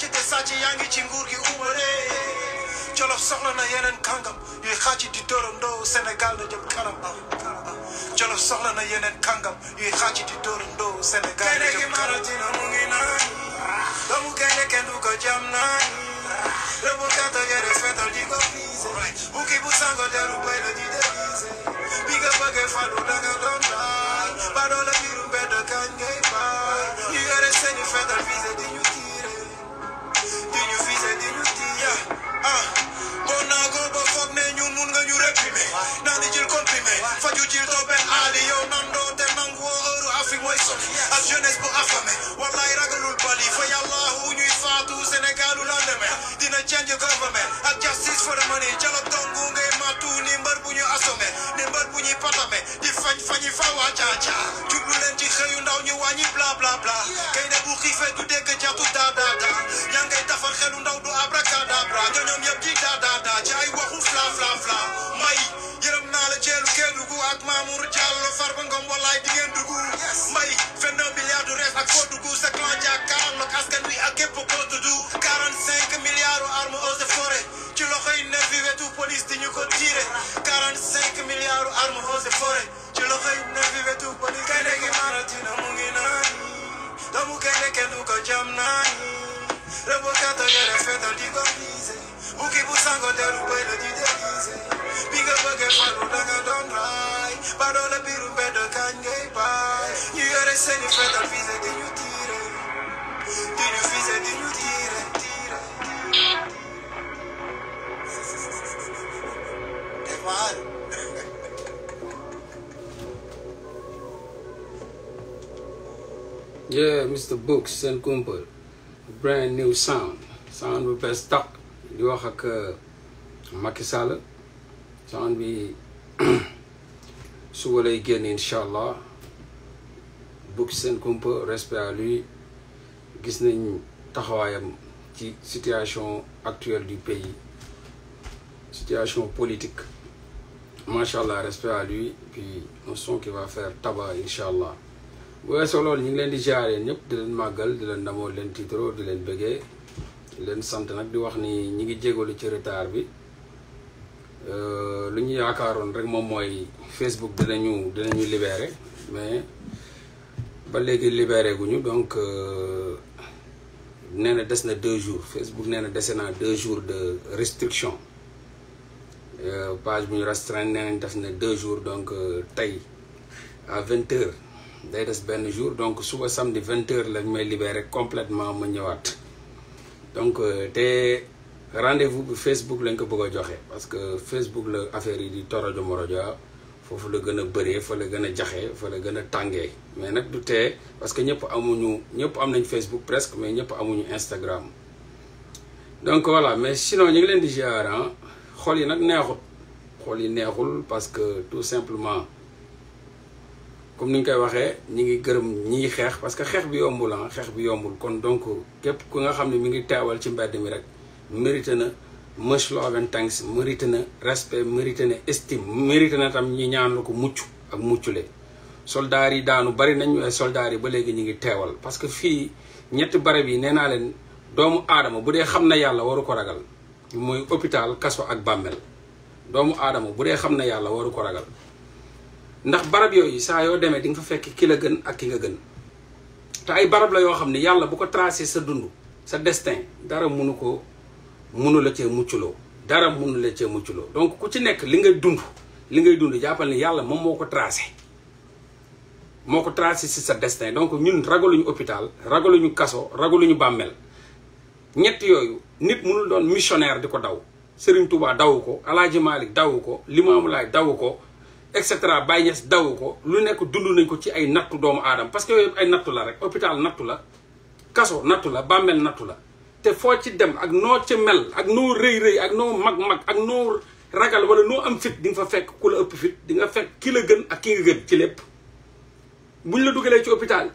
sàcc te sàcc yaa ngi ci nguur gi umaree jolof soxla na yeneen kàngam yuy xàcc di dóorandoo Sénégal na jëm kanam ah, ah. jolof soxla na yeneen kàngam yuy xàcc di dóorandoo Sénégal na jëm kanam mu ngi naan doomu gaynde kenn du ko jam naan rëbb kàttan yére fetal di ko fiise bukki bu sango deru bay la di devise bi nga bëggee fàllu danga doon naan ba doon la biiru mbedd kañ ngay baal ñu yore seeni fetal fiise di ñu ah bon naa ko ba foog ne ñun mun nga ñu réprimer naa di jël comprimé faju jil toog benn aali yow nandoo te nangu woo fi mooy sos ak jeunesse bu affamé wallaay ragalul bali fa yàllaahu ñuy faatu sénégalu lendemain dina change government ak justice for the ngay matu ni mbër bu ñu assommé ni mbër bu ñuy patame di fañ fañi fa waa caaca jublu leen ci xëyu ndaw ñu wàññi bla bla bla kay ne bu xiifee du dégg jatu daa daa daa ñaa ngay defar xelu ndaw du abracadabra ñoom yëpp di daa daa daa ci ay waxu fla fla may yërëm naa la ceelu Kédougou ak Mamour Diallo Farba Ngom wallaay di mbay vingt deux milliards du rees ak foo dugg sa clan jaag karam ak askan wi ak képp koo tudd quarante cinq milliards ci loxoy neuf yi wetu police di ñu ko tiire quarante cinq milliards u arme eaux et forêt ci loxoy neuf yi wetu police gaynde mu ngi naan doomu gaynde kenn du ko jam naan rebokato yore fetal di ko visé bukki bu sango teru bëy la di déguisé bi nga bëgg faru da nga doon raay ba doon la biiru mbedd kañ ngay baay ñu yore seeni fetal fise di ñu tiire di ñu fise di ñu tiire tiire defal yeah Mr Books seen kumpal brand new sound sound bu bees tàq di wax ak uh, Macky Sall saan bi suba lay génn incha allah bukki seen kumpa respect à lui gis nañ taxawaayam ci situation actuelle du pays situation politique macha allah respect à lui puis un son qui va faire tabac incha allah bu weesoo loolu ñu ngi leen di jaare ñëpp di leen màggal di leen ndamoo di leen tiitro di leen bëggee leen sant nag di wax ni ñi ngi jégalu ci retard bi Euh, lu ñu yaakaaroon rek moom mooy Facebook dinañu dinañu libéré mais ba léegi libéré ñu donc euh, nee na des na deux jours Facebook nee na dese naa deux jours de restriction euh, page bu ñu restreint nee nañ def na deux jours donc tey à vingt heures day des benn jours donc suba samdi vingt heures lañ mooy libeere completement ma ñëwaat donc te rendez-vous bi Facebook lañ ko bëgg a joxe parce que Facebook la affaire yi di torojo morojo foofu la gën a bëree fa la gën a jaxee fa la gën a tàngee mais nag du tee parce que ñëpp amuñu ñëpp am nañ Facebook presque mais ñëpp amuñu Instagram donc voilà mais sinon ñu ngi leen di ziar ah. xool yi nag neexut xol yi neexul parce que tout simplement comme ni ñu koy waxee ñi ngi gërëm ñi xeex parce que xeex bi yombul ah. xeex bi yombul kon donc képp ku nga xam ne mu ngi teewal ci mbedd mi rek. mérité na much love and thanks mérité na respect mérité na estim mérité na tam ñi ñaan la ko mucc ak muccule soldaar yi daanu bari nañu ay soldaar yi ba léegi ñu ngi teewal parce que fii ñetti barab yi nee naa leen doomu aadama bu dee xam na yàlla waru ko ragal muy hôpital kaso ak bàmmeel doomu aadama bu dee xam na yàlla waru ko ragal ndax barab yooyu saa yoo demee di nga fa fekk ki la gën ak ki nga gën te ay barab la yoo xam ne yàlla bu ko tracé sa dund sa destin dara mënu ko mënu la cee muccloo dara mënu la cee muccloo donc ku ci nekk li ngay dund li ngay dund jàppal ni yàlla moom moo ko tracé moo ko tracé ci sa destin donc ñun ragaluñu hôpital ñu kaso ñu bàmmeel ñett yooyu nit mënul doon missionnaire di ko daw Serigne Touba dawu ko Alaaji Malick dawu ko mu Laay daw ko et cetera Baye Niass dawu ko lu nekk dund nañ ko ci ay nattu doomu aadama parce que yooyu ay nattu la rek hôpital nattu la kaso nattu la bàmmeel nattu la te foo ci dem ak noo ci mel ak noo rëy-rëy ak noo mag-mag ak noo ragal wala noo am fit di nga fa fekk ku la ëpp fit di nga fekk ki la gën ak ki nga gën ci lépp buñ la dugalee ci hôpital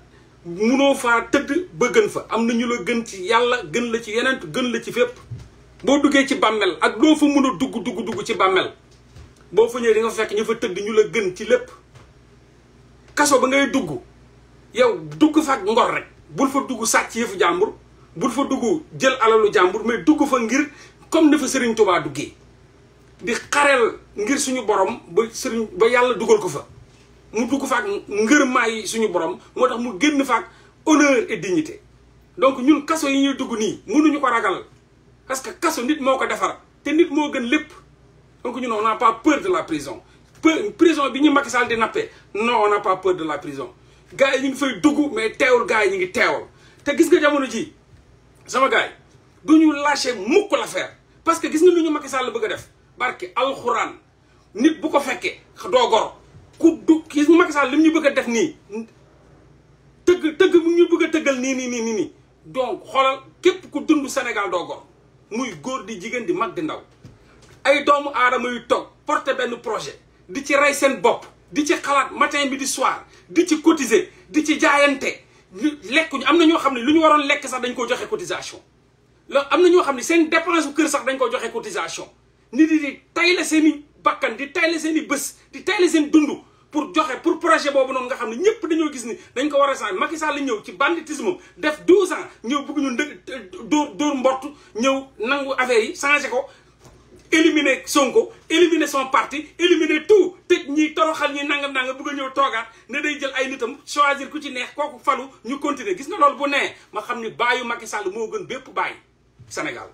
munoo faa tëdd ba gën fa am na ñu la gën ci yàlla gën la ci yeneen gën la ci fépp boo duggee ci bàmmel ak doo fa mën a dugg dugg dugg ci bàmmel boo fa ñëwee di nga fekk ñu fa tëdd ñu la gën ci lépp kaso ba ngay dugg yow dugg fa ak ngor rek bul fa dugg sàcc yëfu jàmbur bul fa dugg jël alalu jàmbur mais dugg fa ngir comme dafa Serigne Touba duggee di xareel ngir suñu borom ba Serigne ba yàlla dugal ko fa mu dugg fa ak ngërmaay suñu borom moo tax mu génn fa ak honneur et dignité donc ñun kaso yi ñuy dugg nii mënuñu ko ragal parce que kaso nit moo ko defar te nit moo gën lépp donc ñun on n'a pas peur de la prison peur prison bi ñu Macky Sall di nappee non on n'a pas peur de la prison gars yi ñu ngi fay dugg mais teewul gars ñu ngi teewal te gis jamono ji sama gars yi du ñu lâché mukk l'affaire parce que gis nga lu ñu Macky Sall bëgg a def barki alxuraan nit bu ko fekkee doo gor ku du gis nga Macky Sall lu mu ñu bëgg a def nii tëgg tëgg mu ñu bëgg a tëggal nii nii nii nii donc xoolal képp ku dund Sénégal doo gor muy góor di jigéen di mag di ndaw ay doomu aadama yu toog porté benn projet di ci rey seen bopp di ci xalaat matin bi di soir di ci cotiser di ci jaayante lekkuñu am na ñoo xam ne lu ñu waroon lekk sax dañ ko joxe cotisation la am na ñoo xam ne seen dépense bu kër sax dañ ko joxe cotisation nit yi di tayle seen i bakkan di tayle seen i bés di tayle seen dundu pour joxe pour projet boobu noonu nga xam ne ñëpp dañoo gis ni dañ ko war a sànni Macky Sall la ñëw ci banditisme def 12 ans ñëw bëgg ñu dóor dóor mbott ñëw nangu affaire yi changé ko éliminer Sonko éliminer son parti éliminer tout te ñi toroxal ñi nangam nangam bëgg a ñëw toogaat ne day jël ay nitam choisir ku ci neex kooku falu ñu continuer gis nga loolu bu nee ma xam ni baayu Macky Sall moo gën bépp baay Sénégal.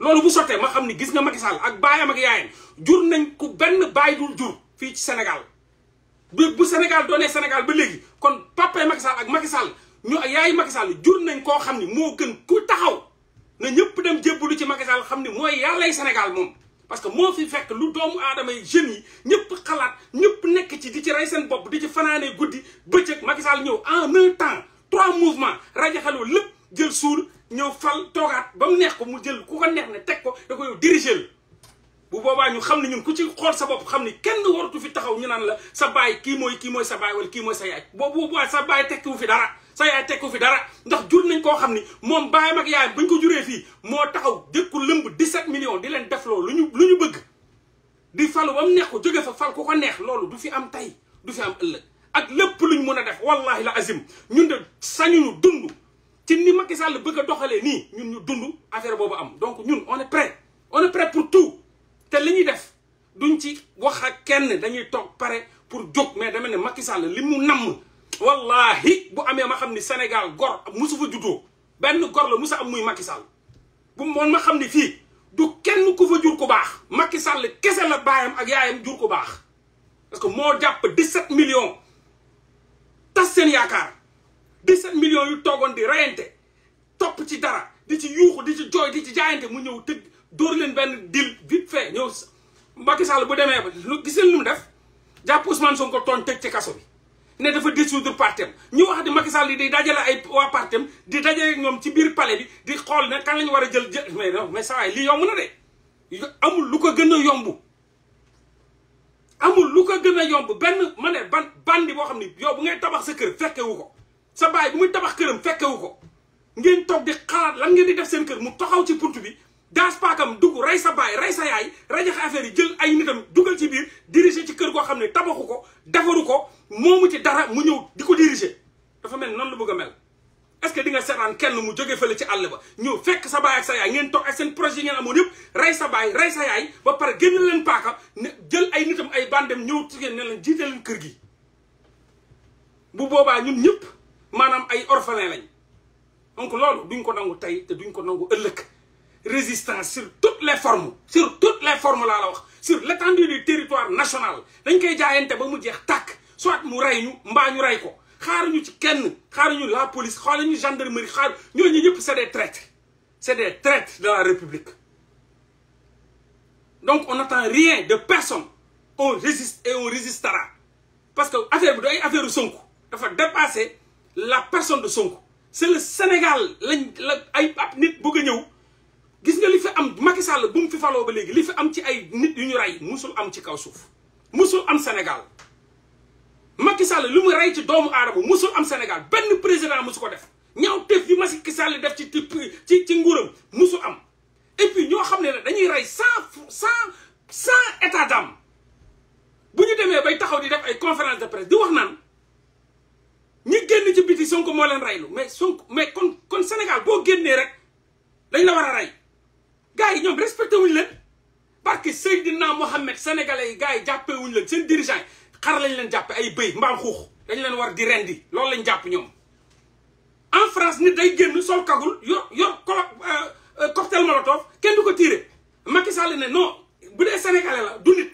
loolu bu sottee ma xam ni gis nga Macky Sall ak baayam ak yaayam jur nañ ku benn baay dul jur fii ci Sénégal bu bu Sénégal doonee Sénégal ba léegi kon papay Macky Sall ak Macky Sall ñu yaay Macky Sall jur nañ koo xam ni moo gën ku taxaw na ñëpp dem jébbalu ci Macky Sall xam ni mooy yàllay Sénégal moom. parce que moo fi fekk lu doomu aadama yi jeunes yi ñëpp xalaat ñëpp nekk ci di ci rey seen bopp di ci fanaanee guddi bëccëg Macky Sall ñëw en un temps trois mouvements rajaxaloo lépp jël suur ñëw fal toogaat ba mu neex ko mu jël ku ko neex ne teg ko da ko yow diriger bu boobaa ñu xam ne ñun ku ci xool sa bopp xam ni kenn waratu fi taxaw ñu naan la sa baay kii mooy kii mooy sa baay wala kii mooy sa yaay boobu boobaa sa baay tekkiwu fi dara sa yaay teg ko fi dara ndax jur nañ koo xam ni moom baayam ak yaayam buñ ko juree fii moo taxaw dëkku lëmb 17 millions di leen def loolu lu ñu lu ñu bëgg di falu ba mu neex ko jóge fa fal ku ko neex loolu du fi am tey du fi am ëllëg ak lépp ñu mun a def wallahi la azim ñun de sañuñu dund ci ni makki Sall bëgg a doxalee nii ñun ñu dund affaire boobu am donc ñun on est prêt on pour tout te li ñuy def duñ ci wax ak kenn dañuy toog pare pour jóg mais dama ne Macky Sall li mu namm wallahi bu amee ma xam ni Sénégal gor musu fa juddoo benn gor la musa am muy Macky Sall bu moon ma xam ni fii du kenn ku fa jur ku baax makki Sall kese la baayam ak yaayam jur ku baax parce que moo jàpp di 17 millions tas seen yaakaar di 17 millions yu toogoon di reyante topp ci dara di ci yuuxu di ci jooy di ci jaayante mu ñëw tëgg dóor leen benn dil vite fait ñëw Macky Sall bu demee ba lu gisal lu mu def jàpp Ousmane Sonko tooñ tëj ci kaso bi ne dafa dissoudre partem ñu wax di Macky Sall yi di dajale ay waa partem di dajale ñoom ci biir palais bi di xool ne kan lañu war a jël jël mais non mais saa waay lii yomb na de amul lu ko gën a yomb amul lu ko gën a yomb benn ma ne ban bandi boo xam ni yow bu ngay tabax sa kër fekkewu ko sa baay bu muy tabax këram fekkewu ko ngeen toog di xalaat lan ngeen di def seen kër mu taxaw ci punt bi daas paakam dugg rey sa baay rey sa yaay rajaxe affaire yi jël ay nitam dugal ci biir diriger ci kër goo xam ne tabaxu ko defaru ko moomu ci dara mu ñëw di ko diriger dafa mel noonu la bëgg a mel est-ce que di nga seetaan kenn mu jóge fële ci àll ba ñëw fekk sa baay ak sa yaay ngeen toog ak seen projet yi ngeen amoon yëpp rey sa baay rey sa yaay ba pare génn leen paaka ne jël ay nitam ay bandem ñëw ci ngeen ne leen jiite leen kër gi bu boobaa ñun ñëpp maanaam ay orphelin lañ donc loolu duñ ko nangu tey te duñ ko nangu ëllëg résistance sur toutes les formes sur toutes les formes laa la wax sur l'étendue du territoire national dañ koy jaayante ba mu jeex tàkk soit mu rey ñu mbaa ñu rey ko xaar ñu ci kenn xaaruñu la police xaaruñu gendarmerie xaar ñooñu ñëpp c'est des traîtres c'est des traîtres de la république donc on n'attend rien de personne on résistera parce que affaire bi du ay affaire Sonko dafa dépasser la personne de Sonko c'est le Sénégal lañ la ay ab nit bëgg ñëw gis nga li fi am Macky Sall bu mu fi faloo ba léegi li fi am ci ay nit yu ñu rey musul am ci kaw suuf musul am Sénégal Macky Sall lu mu rey ci doomu aadama musul am Sénégal benn président musu ko def ñaaw tëf yi Macky Sall def ci ci ci nguuram musul am et puis ñoo xam ne ne dañuy rey sans sans sans état d'âme bu ñu demee bay taxaw di def ay conférence de presse di wax naan ñi génn ci biti Sonko moo leen reylu mais Sonko mais kon kon Sénégal boo génnee rek dañ la war a rey gars yi ñoom respecté wuñ leen parce que Seydina Mohamed sénégalais yi gars yi jàppee wuñ leen seen dirigeant yi xar lañ leen jàpp ay bëy mbaam xuux dañ leen war di rendi loolu lañ jàpp ñoom en France nit day génn sol kagul yor yor euh, cocktail kenn du ko tiire Macky Sall ne non bu dee sénégalais la du nit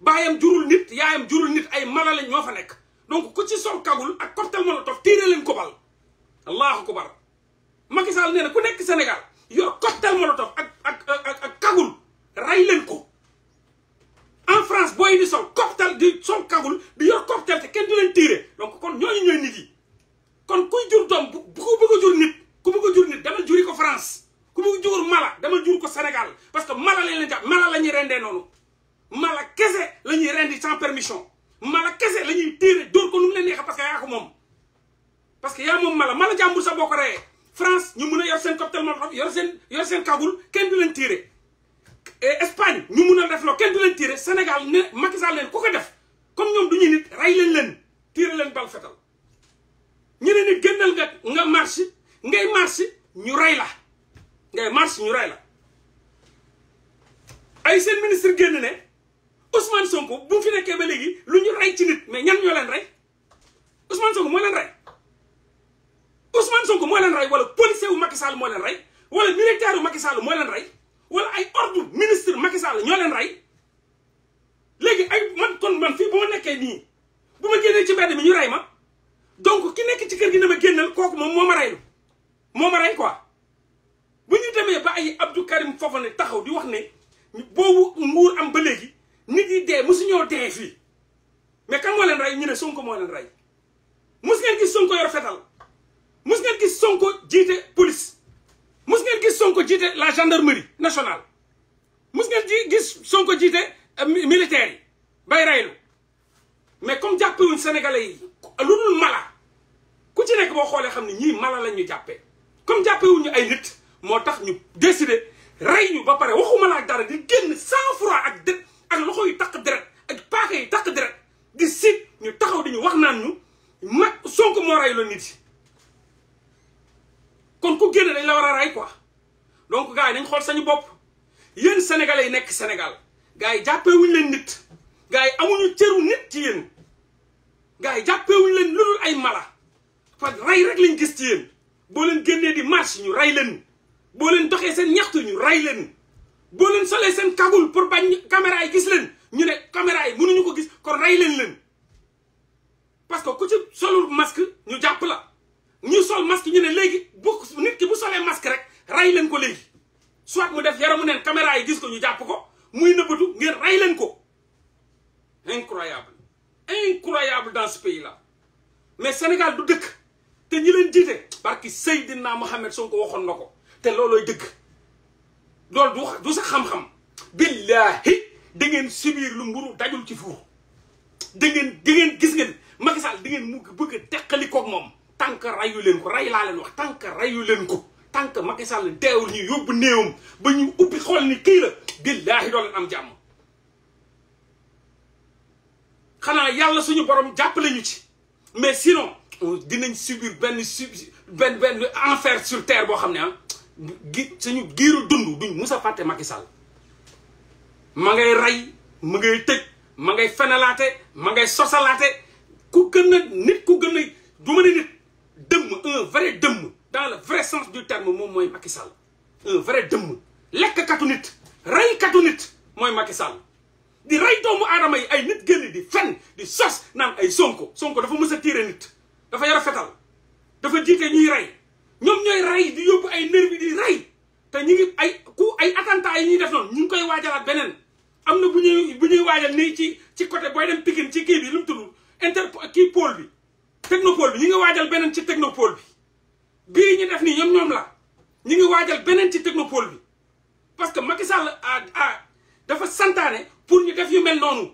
baayam jurul nit yaayam jurul nit ay mala lañ ñoo fa nekk donc ku ci sol kagul ak cocktail molotov tiire leen ko bal allahu akbar Macky Sall nee na ku nekk Sénégal yor cocktail molotov ak ak ak ak kagul rey leen ko en France booy di sol cocktail di sol kagul di yor cocktail te kenn du leen tiire donc kon ñooñu ñooy nit kon kuy jur doom bu ku bëgg a jur nit ku bëgg jur nit demal juri ko France ku bëgg jur mala demal jur ko Sénégal parce que mala lañ leen jàpp la ñuy rendee noonu mala kese la ñuy rendi sans permission mala kese la ñuy tiire dóor ko nu mu leen neexee parce que yaa ko moom parce que yaa moom mala mala jàmbur sa boo ko reyee France ñu mun a yor seen cocktail Molotov yor seen yor seen Kaboul kenn du leen tiire Espagne ñu mun a def loo kenn du leen tiire Sénégal ne Macky Sall leen ku ko def comme ñoom du ñu nit rey leen leen tiire leen bal fetal ñu ne nit génnal nga nga marche ngay marche ñu ray la ngay marche ñu rey la ay seen ministre génn ne Ousmane Sonko bu mu fi léegi lu ñu rey ci nit mais ñan ñoo leen rey Ousmane Sonko moo leen rey Ousmane ko moo leen rey wala policier wu Macky Sall moo leen rey wala militaire wu Macky Sall moo leen rey wala ay ordre ministre Macky Sall ñoo leen rey léegi ay man kon man fii bu ma nekkee nii bu ma génnee ci mbedd mi ñu rey ma donc ki nekk ci kër gi na ma génnal kooku moom moo ma moo ma rey quoi bu ñu demee ba ay Abdou Karim taxaw di wax ne boobu nguur am ba léegi nit yi dee mosuñoo dee fii mais kan moo leen rey ñu ne Sonko moo leen rey mos ngeen gis Sonko fetal mus ngeen gis Sonko jiite police mus ngeen gis Sonko jiite la gendarmerie nationale mus ngeen gis Sonko jiite euh, militaire yi bay raylu mais comme jàppewuñ sénégalais yi lu dul mala ku ci nekk boo xoolee xam ne ñii mala lañ ñu jàppee comme jàppewuñu ay nit moo tax ñu décidé rey ñu ba pare waxuma la ak dara di génn cent francs ak dé ak loxo yu takk deret ak paaka yu takk deret di siit ñu taxaw di ñu wax naan ñu ma Sonko moo rey nit yi kon ku génn dañ la war a rey ko donc gars yi nañ xool sañu bopp yéen sénégalais yi nekk senegal gars yi jàppee leen nit gars yi amuñu cëru nit ci yéen gars yi jàppee wuñ leen lu dul ay mala fa rey rek lañ gis ci boo leen génnee di marche ñu rey leen boo leen doxee seen ñaxtu ñu rey leen boo leen solee seen kagul pour bañ caméra yi gis leen ñu ne caméra yi mënuñu ko gis kon rey leen leen parce que ku ci solul masque ñu jàpp la ñu sol masque ñu ne léegi bu nit ki bu solee masque rek ray leen ko léegi soit mu def yaramu neen caméra yi gis ko ñu jàpp ko muy nëbbatu ngeen ray leen ko incroyable incroyable dans ce pays mais Sénégal du dëkk te ñi leen jiite barki Seydina soo ko waxoon na ko te loolooy dëkk loolu du sax xam-xam billaahi da ngeen subir lu mburu dajul ci fuur da ngeen da ngeen gis ngeen Macky Sall ngeen mu bëgg a teqali moom tant que rayu leen ko ray laa leen wax tant leen ko tant que Macky Sall deewul ñu yóbbu néewam ba ñu ubbi xool ni kii la billaahi doo leen am jàmm xanaa yàlla suñu borom jàpp lañu ci mais sinon dinañ subir benn sub benn benn enfer sur boo xam ne ah gi suñu giiru dund duñ mus fàtte Macky Sall ma ngay rey ma ngay tëj ma ngay fenalaate ma ngay sosalaate ku gën a nit ku gën a du ma ne nit dëmm un vrai dëmm dans le vrai sens du terme moom mooy Macky Sall un vrai dëmm lekkkatu nit reykatu nit mooy Macky Sall di rey doomu aadama yi ay nit génn di fen di sos naan ay Sonko Sonko dafa mës a tiire nit dafa yara fetal dafa jiite ñuy rey ñoom ñooy rey bi yóbbu ay nervi di rey te ñu ngi ay ku ay attentat yi ñuy def noonu ñu ngi koy waajalaat beneen am na bu ñuy bu ñuy waajal nii ci ci côté booy dem Pikine ci kii bi lu mu tudd inter kii pôle bi technopole bi ñi ngi waajal beneen ci technopole bi bii ñu def nii ñoom ñoom la ñu ngi waajal beneen ci technopole bi parce que Macky Sall a a dafa santaane pour ñu def yu mel noonu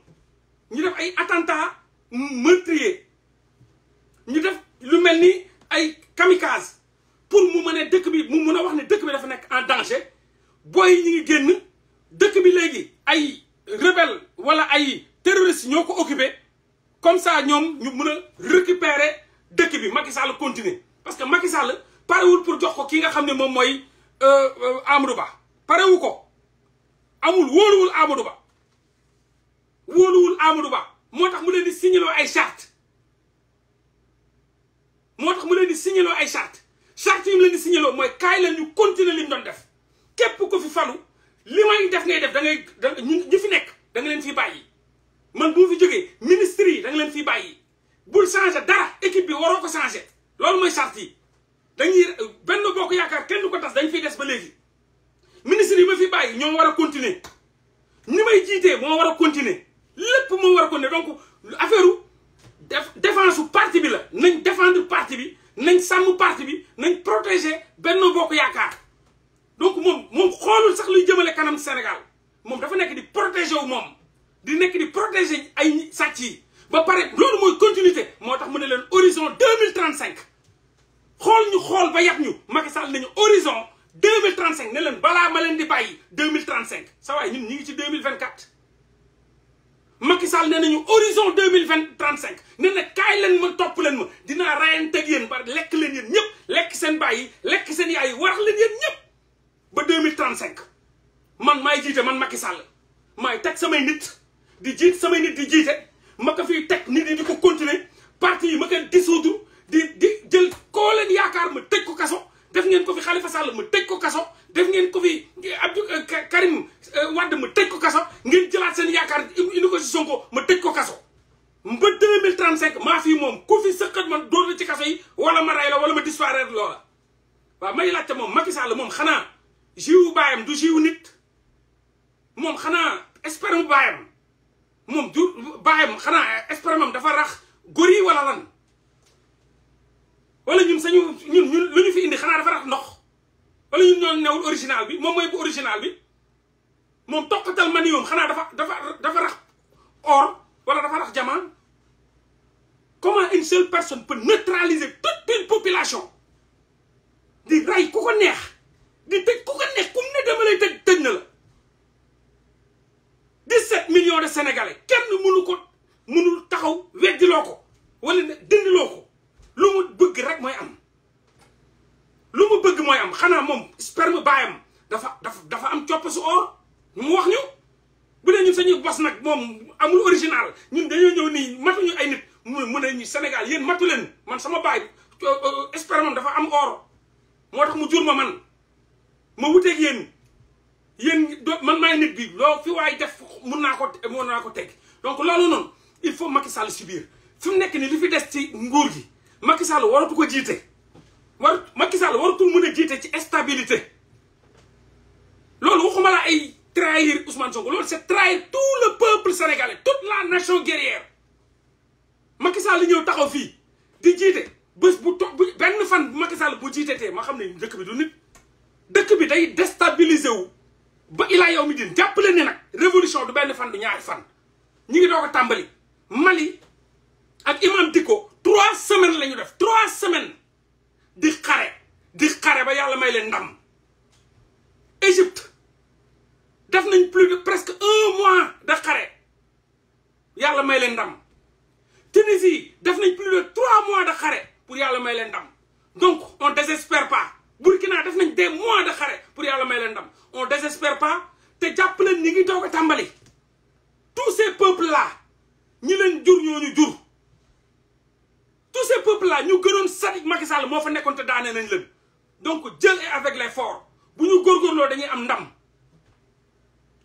ñu def ay attentat meurtrier ñu def lu mel ni ay kamikaze pour mu mën a dëkk bi mu mën a wax ne dëkk bi dafa nekk en danger booy yi ñu ngi génn dëkk bi léegi ay rebelle wala ay terroriste ñoo ko occupé comme saa ñoom ñu mën a récupérer dëkk bi Macky Sall continuer parce que Macky Sall parewul pour jox ko ki nga xam ne moom mooy euh, euh, Amadou Ba parewu ko amul wóoluwul Amadou Ba wóoluwul Amadou Ba moo tax mu leen di signaloo ay charte moo tax mu leen di signaloo ay charte charte yi mu leen di signaloo mooy kaay la ñu continuer li doon def képp ko fi falu li may def ngay def da ngay ñu fi nekk da nga leen fi bàyyi man bu fi jógee ministre yi da leen fii bàyyi bul changé dara équipe bi waroo ko changé loolu mooy charte dañuy dañuy benn bokk yaakaar kenn du ko tas dañ fiy des ba léegi ministre yi ma fi bàyyi ñoo war a continuer ni may jiitee moo war a continuer lépp moom war a continuer donc affaire u défense su parti bi la nañ défendre parti bi nañ sàmm parti bi nañ protéger benn bokk yaakaar donc moom moom xoolul sax luy jëmale kanam Sénégal moom dafa nekk di protéger wu moom di nekk di protéger ay sàcc yi ba pare loolu mooy continuité moo tax mu ne leen horizon deux mille trente cinq xool ñu xool ba yàq ñu Macky Sall nañu horizon deux mille trente cinq ne leen balaa ma leen di bàyyi deux mille trente cinq sa waay ñu ngi ci deux mille vingt quatre Macky Sall ne nañu horizon deux mille vingt trente cinq ne na kaay leen ma topp leen ma dinaa rayanteeg yéen ba lekk leen yéen ñëpp lekk seen bàyyi lekk seen yaay warax leen yéen ba deux mille trente cinq man maay jiite man Macky Sall maay teg samay nit. di jiit samay nit di jiite ma ko fiy teg nit yi di ko continuer parti yi ma koy dissoudre di di jël koo leen yaakaar ma tëj ko kaso def ngeen ko fi Khalifa Sall ma tëj ko kaso def ngeen ko fi eh, Abdou eh, Karim eh, Wade ma tëj ko kaso ngeen jëlaat seen yaakaar indi ko si Sonko ma tëj ko kaso ba 2035 maa fii moom ku fi sëqat man dóor la ci kaso yi wala ma rey la wala ma disparaître loola waaw may laajte moom Macky Sall moom xanaa jiwu baayam du jiwu nit moom xanaa espère mu baayam moom jur bàyyam xanaa espermam dafa rax góor yi wala lan wala ñun sañu ñun ñun lu ñu fi indi xanaa dafa rax ndox walla ñun ñoo newul original bi moom mooy bu original bi moom toqatal manium xanaa dafa dafa dafa rax or wala dafa rax jamaan comment une seule personne peut neutraliser toute une population di rey ku ko neex di tëj ku ko neex ku mu ne dama lay tëj tëj na la 17 millions de sénégalais kenn mënu ko mënul taxaw weddiloo ko walla ne dindiloo ko lu mu bëgg rek mooy am lu mu bëgg mooy am xanaa moom sperme baayam dafa dafa dafa am copp su or mu wax ñu bu dee ñun sañuy bos nag moom amul original ñun dañuy ñëw nii matuñu ay nit mu mu ne ñu Sénégal yéen matu leen man sama baay euh, euh, sperme dafa am or moo tax mu jur ma man ma wuteeg yéen yéen man maay nit bi loo fi waay def mun naa ko mun naa ko teg donc loolu noonu il faut Macky Sall biir fi mu nekk nii lu fi des ci nguur gi Macky Sall waratu ko jiite war Macky Sall waratul mën a jiite ci stabilité loolu waxuma la ay trahir Ousmane Sonko loolu c'est trahir tout le peuple sénégalais toute la nation guerrière Macky Sall ñëw taxaw fii di jiite bu bu to benn fan Macky Sall bu jiite tee ma xam ne dëkk bi du nit dëkk bi day déstabiliser wu ba ilaa yow mi din jàppale ne nag révolution du benn fan du ñaari fan ñi ngi doo ko tàmbali Mali ak imam Dicko trois semaines la ñu def trois semaines di xare di xare ba yàlla may leen ndam Égypte def nañ plus de presque un de xare yàlla may leen ndam Tunisie def nañ plus de trois mois de xare pour yàlla may leen ndam donc on désespère pas Burkina def nañ des mois de xare pour yàlla may leen ndam on désespère pas te jàpp leen ñi ngi doog a tàmbali tous ces peuples là ñi leen jur ñooñu jur tous ces peuples là ñu gënoon sadik Macky Sall moo fa nekkoon te daanee nañ leen donc jël et avec l'effort bu ñu góorgóorloo dañuy am ndam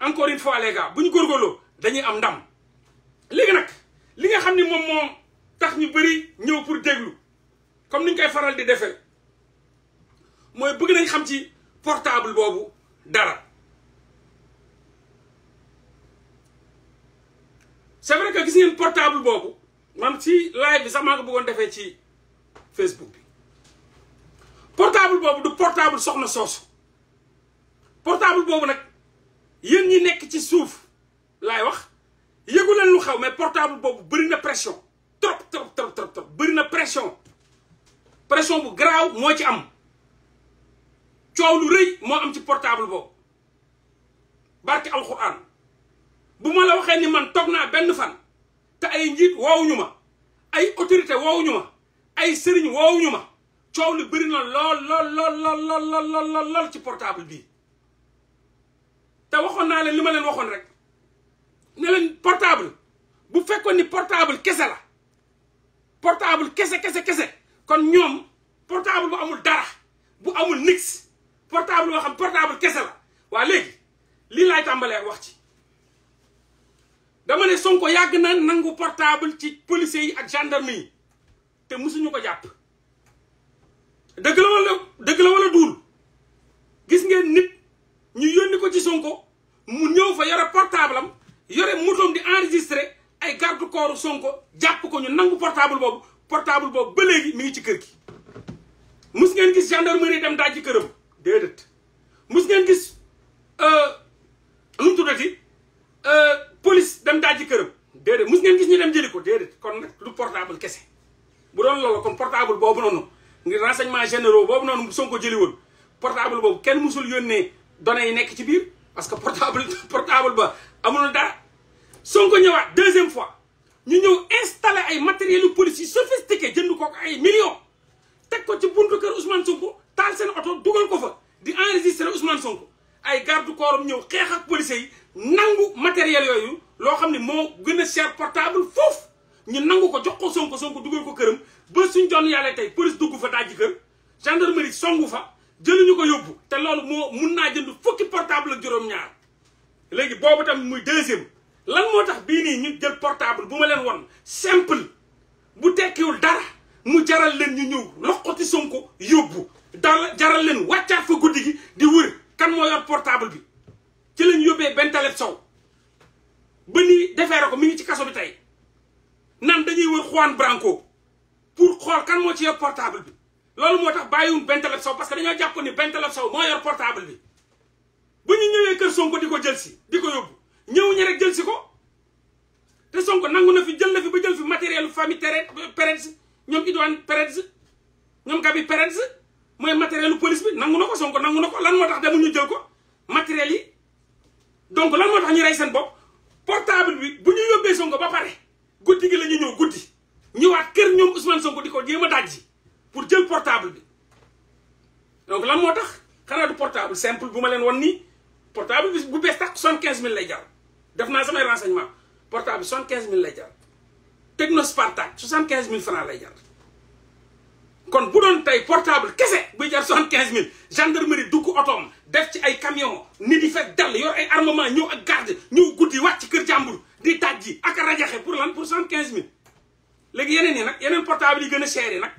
encore une fois les bu ñu góorgóorloo dañuy am ndam léegi nag li nga xam ni moom moom tax ñu bëri ñëw pour déglu comme niñ koy faral di defee mooy bëgg nañ xam ci portable boobu dara c'est vrai que gis ngeen portable boobu man ci live bi sax maa ko bëggoon defee ci Facebook bi portable boobu du portable soxna soosu portable boobu nag yéen ñi nekk ci suuf laay wax yëgu leen lu xew mais portable boobu bëri na pression trop trop trop trop bëri na pression pression bu garaaw moo ci am coow lu rëy moo am ci portable boobu barki alxuraan bu ma la waxee ni man toog naa benn fan te ay njiit woowuñu ma ay autorité woowuñu ma ay sëriñ woowuñu ma coow lu bëri na lool lool lool lool lool lool lool ci portable bii te waxoon naa leen li ma leen waxoon rek ne leen portable bu fekkoon ni portable kese la portable kese kese kese kon ñoom portable bu amul dara bu amul nix portable yoo xam portable kese la waa léegi lii laay tàmbalee wax ci dama ne Sonko yàgg na nangu portable ci policiers yi ak gendarme yi te musuñu ko jàpp dëgg la wala la duul gis ngeen nit ñu yónni ko ci Sonko mu ñëw fa yore portable am yore motoom di enregistré ay garde corps Sonko jàpp ko ñu nangu portable boobu portable boobu ba léegi mi ngi ci kër gi mus ngeen gis gendarmerie dem daaj ci këram déedéet mus ngeen gis euh, nu mu tuddati euh, police dem dajji këram déedéet mus ngeen gis ñu dem jëli ko déedéet kon nag du portable kese bu doon loolu kon portable boobu noonu ngir renseignement généraux boobu noonu Sonko jëli woon portable boobu kenn musul yónnee données yi nekk ci biir parce que portable portable ba amul daa Sonko ñëwaat deuxième fois ñu ñëw installé ay matériels yu police yi sophistiqué jënd ko ay millions teg ko ci buntu kër Ousmane Sonko taal seen oto dugal ko fa di enregistré Ousmane Sonko ay garde corps am ñëw xeex ak policiers yi nangu matériel yooyu loo xam ne moo gën a cher portable foofu ñu nangu ko jox ko Sonko Sonko dugal ko këram ba suñ jonn yàlla tey police dugg fa dajji kër gendarmerie songu fa jëluñu ko yóbbu te loolu moo mun naa jënd fukki portable ak juróom-ñaar léegi boobu tam muy deuxième lan moo tax bii nii ñu jël portable bu ma leen won simple bu tekkiwul dara mu jaral leen ñu ñëw loxoti Sonko yóbbu dal jaral leen wàccaat fa guddi gi di wër kan moo yor portable bi ci lañ yóbbee benn talet sow ba nii defeere ko mi ngi ci kaso bi tey nan dañuy wër Juan Branco pour xool kan moo ci yor portable bi loolu moo tax bàyyiwun benn sow parce que dañoo jàpp ni benn talet sow moo yor bi bu ñu ñëwee kër Sonko di ko jël si di ko yóbbu ñëw ñu rek jël si ko te Sonko nangu na fi jël na fi ba jël fi matériel famille Perez ñoom Idouane Perez ñoom Gabi Perez mooy matériel police bi nangu na ko Sonko nangu na ko lan moo tax demuñu jël ko matériel yi donc lan moo tax ñu rey seen bopp portable bi bu ñu yóbbee Sonko ba pare guddi gi la ñu ñëw guddi ñëwaat kër ñoom Ousmane Sonko di ko jéem a dajji pour jël portable bi donc lan moo tax xanaa du portable simple bu ma leen wan nii portable bi bu bees tax soixante-quinze mille lay jar def naa samay renseignement portable bi soixante-quinze mille lay jar Technospartak soixante mille francs lay jar kon bu doon tey portable kese buy jar soixante quinze mille gendarmerie dugg otoom def ci ay camion nit yi fekk dal yor ay armement ñëw ak garde ñëw guddi ci kër jàmbur di taj ji ak rajaxe pour lan pour cent quinze mille léegi yeneen yi nag yeneen portable yi gën a cher yi nag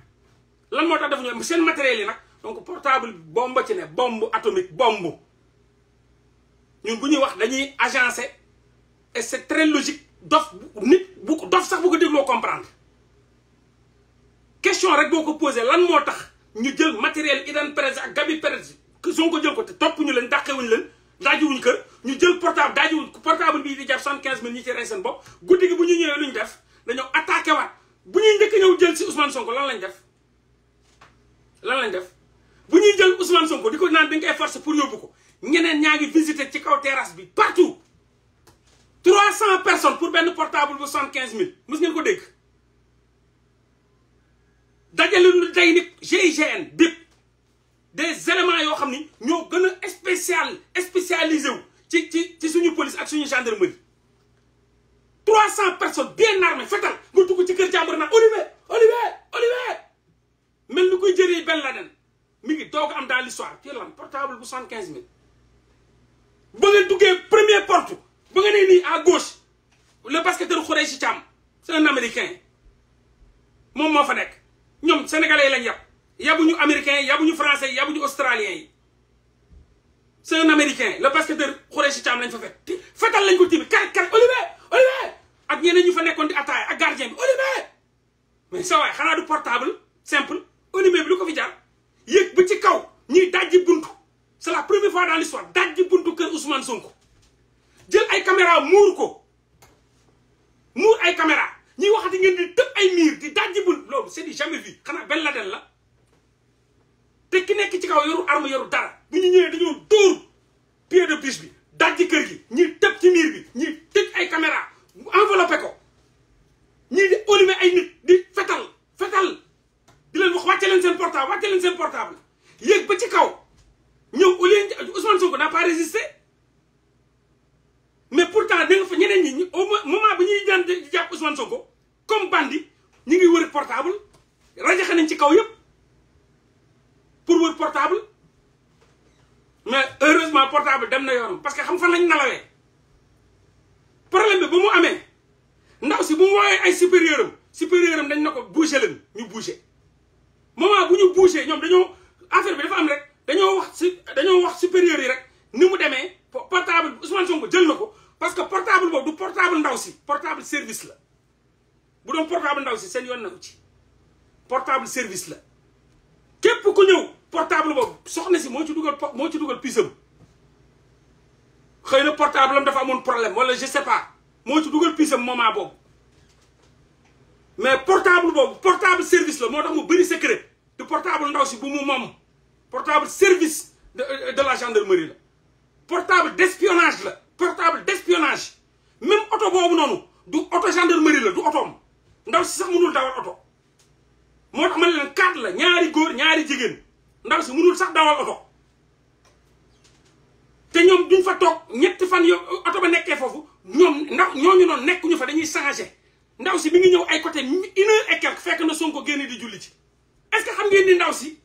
lan moo tax defuñu seen matériel yi nag donc portable bomba ci ne bombe atomique bombe ñun bu ñuy wax dañuy agencé et c'est très logique dof nit bu dof sax bu ko dégloo comprendre question rek boo ko posé lan moo tax ñu jël matériel Idan Perez ak Gabi Perez Sonko jël ko te topp ñu leen dàqewuñ leen daajiwuñ kër ñu jël portable daajiwuñ portable bii di jar cent quinze mille ñi ci rey seen bopp guddi gi bu ñu ñëwee lu ñu def dañoo attaqué waat bu ñuy njëkk ñëw jël si Ousmane Sonko lan lañ def lan lañ def bu ñuy jël Ousmane Sonko di ko naan dañ koy forcer pour yóbbu ko ñeneen ñaa ngi visiter ci kaw terrasse bi partout trois cent personnes pour benn portable bu cent quinze mille mos ngeen ko dégg dajale nu tey ni GIGN bépp des éléments yoo xam ni ñoo gën a spécial spécialisé wu ci ci suñu police ak suñu gendarmerie trois cent personnes bien armées fetal nga dugg ci kër jàmbur na Olivier Olivier Olivier mel ni kuy jëriñ Ben Laden mi ngi doog am dans l'histoire kii lan portable bu cent quinze mille ba nga duggee première porte ba nga nee à gauche le basketteur Khoureyssi Thiam c'est un américain moom moo fa nekk ñoom sénégalais yi lañ yab yabuñu américains yi yabuñu français yi yabuñu australiens yi c'est un américain le basketteur Khoureyssi Thiam lañ fa fet fetal lañ ko tibi kar kar Olivier Olivier ak ñeneen ñu fa nekkoon di attaaya ak gardien bi Olivier mais sa waay xanaa du portable simple Olivier bi lu ko fi jaar yéeg ba ci kaw ñuy dajji buntu c'est la première fois dans l'histoire dajji buntu kër Ousmane Sonko jël ay caméra muur ko muur ay caméra ñuy waxati ngeen di tëb ay miir di dajji bunt loolu c'est du jamais vu xanaa benn la del la ki nekk ci kaw yoru arme yoru dara bu ñu ñëwee dañoo dóor pied de biche bi dajji kër gi ñi tëb ci miir bi ñi tëj ay caméra enveloppé ko ñii di allumer ay nit di fetal fetal di leen wax wàcce leen seen portable wàcce leen seen portable yéeg ba ci kaw ñëw au lieu Ousmane Sonko n'a pas résisté mais pourtant da nga fa ñeneen ñi ñu au moment bi ñuy daan jàpp Ousmane Sonko comme bandi ñi ngi wër portable rajaxe nañ ci kaw yëpp pour wër portable mais heureusement portable dem na yoonam parce que xam fan lañ nalawee problème bi ba mu amee ndaw si bu mu woowee ay supérieur am supérieur am dañ na ko bouger leen ñu bouger moment bu ñu bouger ñoom dañoo affaire bi dafa am rek dañoo wax si dañoo wax supérieur yi rek ni mu demee. portable Ousmane Sonko jël na ko parce que portable boobu du portable ndaw si portable service la bu doon portable ndaw si seen yoon na ko ci portable service la képp ku ñëw portable boobu soxna si moo ci dugal moo ci dugal pisam xëy na portable am dafa amoon problème wala je sais pas moo ci dugal pisam moment boobu mais portable boobu portable service la moo tax mu bëri secret du portable ndaw si bu mu moom portable service de de la gendarmerie la portable d'espionnage la portable d'espionnage même oto boobu noonu du oto gendarmerie la du otoom ndaw si sax mënul dawal oto moo tax ma ne leen quatre la ñaari góor ñaari jigéen ndaw si mënul sax dawal oto te ñoom duñ fa toog ñetti fan yo oto ba nekkee foofu ñoom ndaw ñooñu noonu nekkuñu fa dañuy changé ndaw si mi ngi ñëw ay côté une heure et fekk na ko génne di julli ci est que xam ngeen ni ndaw si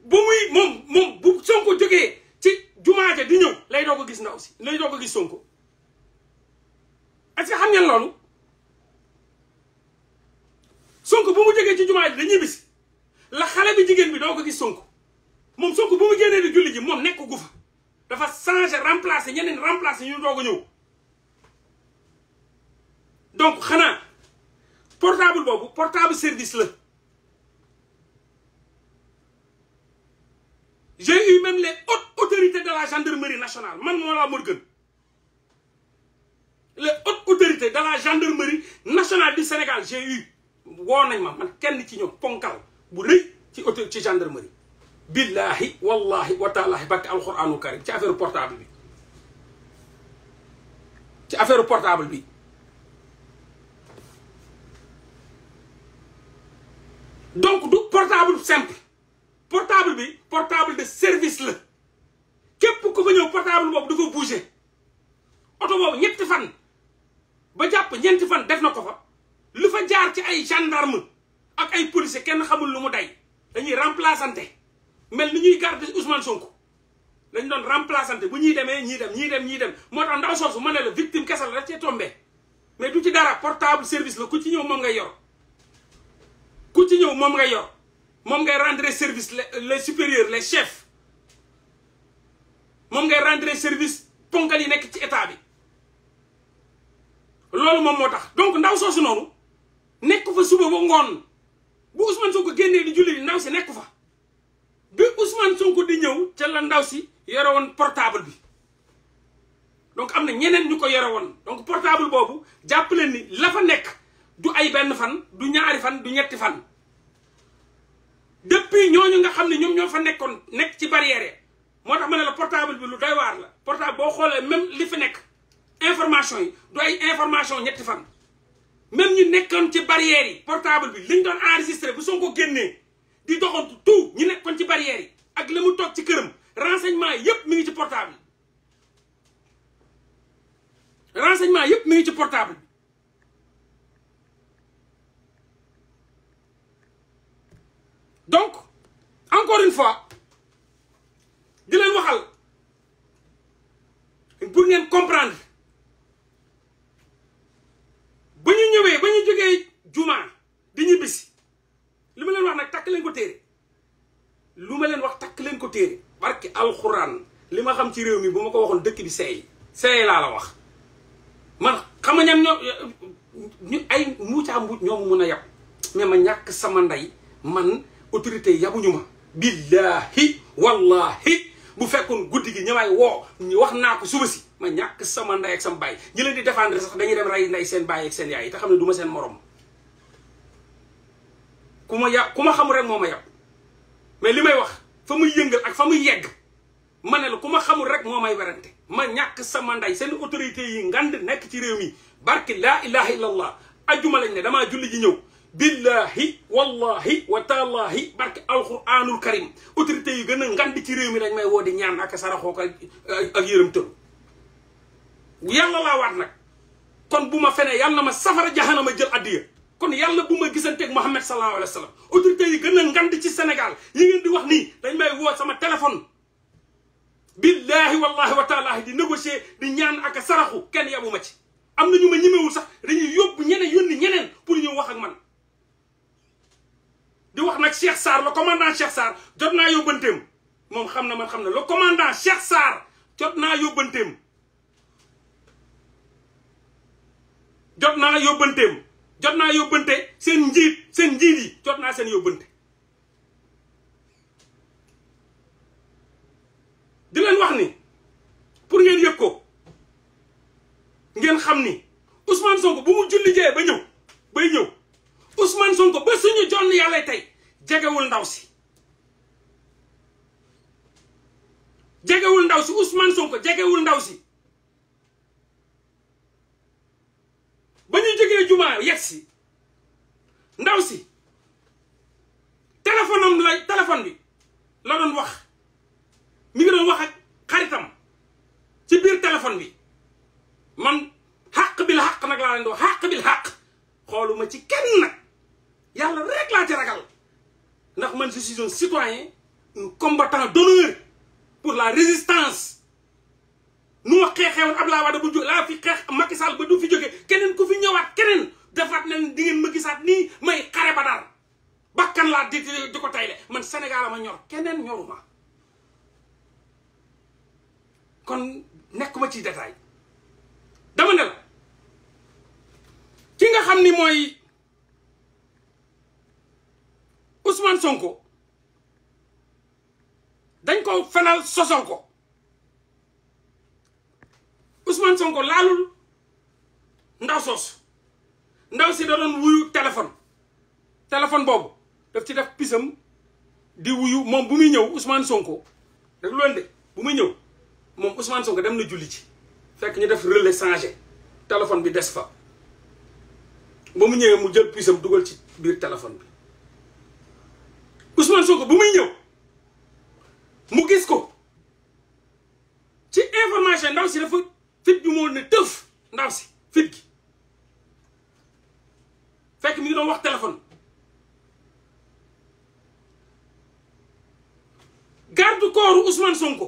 bu muy moom moom bu Sonko jógee ci jumaaje di ñëw lay doo ko gis ndaw si lay doo ko gis Sonko est que xam ngeen loolu Sonko bu mu jógee ci jumaa ji dañuy bis la xale bi jigéen bi doo ko gis Sonko moom Sonko bu mu génnee di julli ji moom nekk gu fa dafa changé remplacé ñeneen remplacé ñu doog a ñëw donc xanaa portable boobu portable service la j'ai eu même les hautes autorités de la gendarmerie nationale man Mollah Morgun les hautes autorités de la gendarmerie nationale du Sénégal j'ai eu woo nañ ma man kenn ci ñoom ponkal bu rëy ci auto ci gendarmerie billahi wallahi wa taalahi barke alquranu karim ci affaire portable bi ci affaire portable bi donc du portable simple portable bi portable de service la képp ko fa ñëw portable boobu du ko bouger oto boobu ñetti fan ba jàpp ñeenti fan def na ko fa lu fa jaar ci ay gendarme ak ay policier kenn xamul lu mu day dañuy remplaçanté mel ni ñuy garde Ousmane Sonko dañ doon remplaçanté bu ñuy demee ñii dem ñii dem ñii dem moo tax ndaw soosu ma ne la victime kese la daf cee tombé mais du ci dara portable service la ku ci ñëw moom ngay yor ku ci ñëw moom ngay yor moom ngay rendre service le supérieurs les chefs moom ngay rendre service ponkal yi nekk ci état bi loolu moom moo tax donc ndaw soosu noonu nekk fa suba ba ngoon bu Ousmane Sonko génnee di julli ndaw si nekk fa bi Ousmane Sonko di ñëw ca la ndaw si yore woon portable bi donc am na ñeneen ñu ko yore woon donc portable boobu jàpp leen ni la fa nekk du ay benn fan du ñaari fan du ñetti fan depuis ñooñu nga xam ne ñoom ñoo fa nekkoon nekk ci barrière moo tax ma ne la portable bi lu doy waar la portable boo xoolee même li fi nekk information yi du ay information ñetti fan même ñu nekkoon ci barrière yi portable bi liñ doon enregistré bu Sonko génnee di doxantu tout ñu nekkoon ci barrière yi ak la mu toog ci këram renseignement yépp mu ngi ci portable renseignement yépp mi ngi ci portable donc encore une fois di leen waxal pour ngeen comprendre ba ñu ñëwee ba ñu jógee jumaa di ñibbisi li ma leen wax nag takk leen ko téere lu ma leen wax takk leen ko téere barki alxuraan li ma xam ci réew mi bu ma ko waxoon dëkk bi seey seey laa la wax man xam nga ñam ñoo ñu ay mbuucaa mbuuc ñoo mun a yab mais ma ñàkk sama ndey man autorité yabuñu ma billaahi wallaahi bu fekkoon guddi gi ñamay woo ñu wax naa ko suba si ma ñàkk sama ndey ak sama baay ñi leen di défendre sax dañuy dem rey ndey seen baay seen yaay te xam ne du ma seen morom ku ma yà ku ma xamul rek moo ma yàpp mais li may wax fa muy yëngal ak fa muy yegg ma ne la ku ma xamul rek moo may werante ma ñàkk sama nday seen autorité yi ngand nekk ci réew mi barki laa ilaha illallah ajjuma lañ ne damaa julli ji ñëw billahi wallahi wa taalaahi barke alquranul karim autorité yi gën na ngandi ci réew mi dañ may woo di ñaan ak saraxoo ko ak yërëm tëru yàlla laa waat nag kon bu ma fene yàlla na ma safara jaxana ma jël addiya kon yàlla bu ma gisanteeg Muhammad sallallahu alayhi wa sallam autorité yi gën a ngand ci Sénégal yi ngeen di wax nii dañ may woo sama téléphone billahi wallahi wa taalaahi di négocier di ñaan ak saraxu kenn yabu ma ci am na ñu ma ñemewul sax dañuy yóbbu ñeneen yónni ñeneen pour ñu wax ak man di wax nag Cheikh Sarr le commandant Cheikh Sarr jot naa yóbbanteem moom xam na man xam na le commandant Cheikh Sarr jot naa yóbbanteem jot naa yóbbanteem jot naa yóbbante seen njiit seen njiit yi jot naa seen yóbbante di leen wax ni pour ngeen yëg ko ngeen xam ni Ousmane Sonko bu mu julli jee ba ñëw bay ñëw Ousmane Sonko ba suñu jonn yàlla tey jegewul ndaw si jegewul ndaw si Ousmane Sonko jegewul ndaw si ba ñu jógee jumaa yegg si ndaw si téléphone la téléphone bi la doon wax mu ngi doon wax ak xaritam ci biir téléphone bi man xàq bil xàq nag laa leen di wax xàq bil xàq xooluma ci kenn nag yàlla rek laa ci ragal ndax man je suis un citoyen un combattant d'honneur pour la résistance nu ma xeexee woon Abdoulaye Wade bu jóg laa fi xeex Macky Sall ba du fi jóge keneen ku fi ñëwaat keneen defaat nañ di ngeen ma nii may xare ba laa di di ko tayle man Sénégal ma ñor keneen ñoruma kon nekkuma ci détail dama ne ki nga xam ni mooy Sonko dañ koo fanaal sosol ko Ousmane Sonko laalul ndaw sos ndaw si da wuyu téléphone téléphone boobu daf ci def pisam di wuyu moom bu muy ñëw Ousmane Sonko rek loolu de bu muy ñëw moom Ousmane Sonko dem na julli ci fekk ñu def relais changé téléphone bi des fa ba mu ñëwee mu jël pisam dugal ci biir téléphone bi Ousmane Sonko bu muy ñëw mu gis ko ci information ndaw si dafa fit bi moo ne tëf ndaw si fit gi fekk mi ngi doon wax téléphone garde corps Ousmane Sonko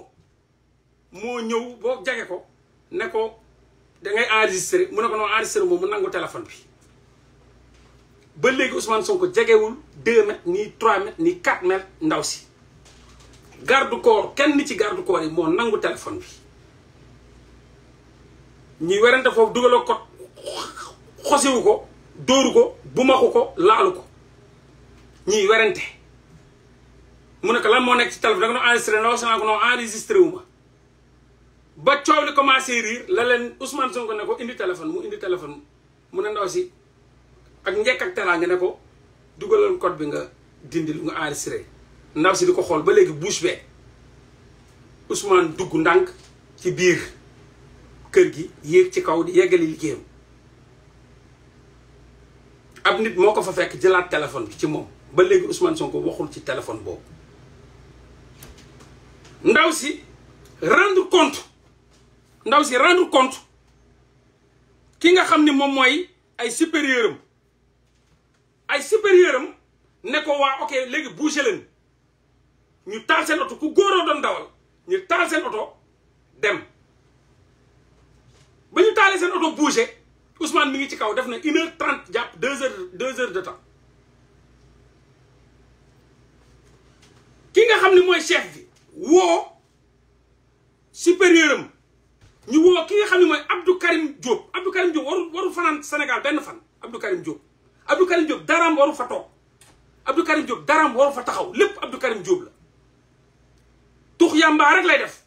moo ñëw boo jage ko nekkoo ko da mu enregistré mu ne ko noo enregistré moom mu nangu téléphone bi ba léegi Ousmane ko jegewul 2 mètres ni 3 mètres ni 4 mètres ndaw si garde corps kenn ci garde corps yi moo nangu téléphone bi ñuy werante foofu dugaloo ko xosewu ko dóoru ko bu bumaxu ko laalu ko ñuy werante mu ne ko lan moo nekk ci téléphone da nga doon enregistré ndaw si naa ko non enregistré wu ma ba coow li commencé riir la leen Ousmane Sonko ne ko indi téléphone mu indi téléphone mu ne ndaw si. ak njekk ak teraanga ne ko dugalal code bi nga dindi lu nga enregistré ndaw si di ko xool ba léegi bouche bee Ousmane dugg ndànk ci biir kër gi yéeg ci kaw di yeggali liggéeyam ab nit moo ko fa fekk jëlaat téléphone bi ci moom ba léegi Ousmane Sonko waxul ci téléphone boobu ndaw si rendre compte ndaw si rendre compte ki nga xam ni moom mooy ay supérieur ay supérieur am ne ko waa ok léegi bougé leen ñu taal seen oto ku góoroo doon dawal ñu taal seen oto dem ba ñu taalee seen oto bougé Ousmane mi ngi ci kaw def na une heure trente jàpp deux heures deux heures de temps ki nga xam ni mooy chef bi woo supérieur am ñu woo ki nga xam ne mooy Abdou Karim Diop Abdou Karim Diop waru waru fanaan Sénégal benn fan Abdou Karim Abdou Karim Diop daraam waru fa toog Abdou Karim Diop daraam waru fa taxaw lépp Abdou Karim Diop la tux yàmbaa rek lay def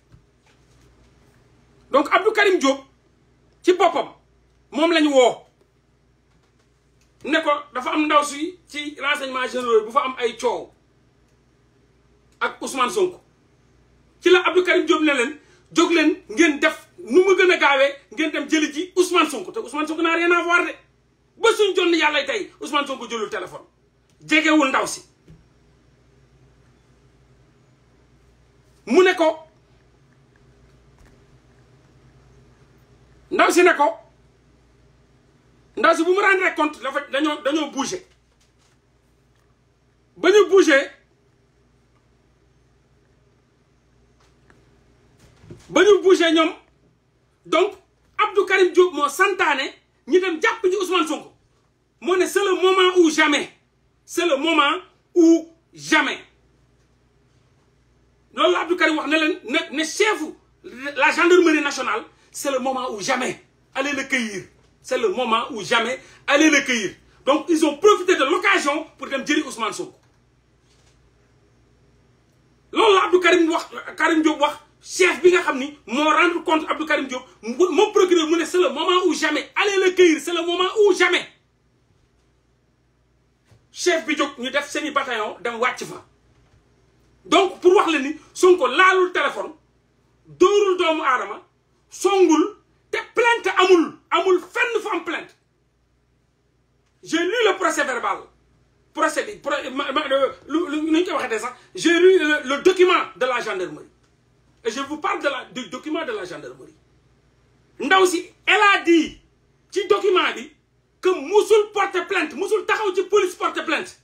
donc Abdou Karim Diop ci boppam moom lañu woo ne dafa am ndaw si ci renseignement généraux bu fa am ay coow ak Ousmane Sonko ci la Abdou Karim Diop ne leen jóg leen ngeen def nu mu gën a gaawee ngeen dem jëli ji Ousmane Sonko te Ousmane Sonko naa rien à voir de ba suñ jonn yàlla tey Ousmane Sonko jëlul téléphone jegewul ndaw si mu ne ko ndaw si ne ko ndaw si bu mu rendre compte dafa dañoo dañoo bouger ba ñu bouger ba ñu bouger ñoom donc Abdou Karim Diop moo santaane ñu dem jàpp ji Ousmane Sonko moo ne c'est le moment ou jamais c'est le moment ou jamais loolu la Abdou Karim wax ne leen ne ne chef la gendarmerie nationale c'est le moment ou jamais allez le cueillir c'est le moment ou jamais allez le cueillir donc ils ont profité de l'occasion pour dem jëri Ousmane Sonko loolu la Abdou Karim wax Karim Diop wax chef bi nga xam ni moo rendre compte Abdou Karim Diop moom procureur mu ne c'est le moment ou jamais allez le cueillir c'est le moment ou jamais chef bi jóg ñu def seeni bataillon dem wàcc fa donc pour wax la ni Sonko laalul téléphone dóorul doomu aadama songul te plainte amul amul fenn fu am plainte j'ai lu le procès verbal procès bi lu ñu koy waxatee sax j'ai lu le document de la gendarmerie et je vous parle de la du document de la gendarmerie ndaw si elle a dit ci document bi que musul porter plainte musul taxaw ci police porter plainte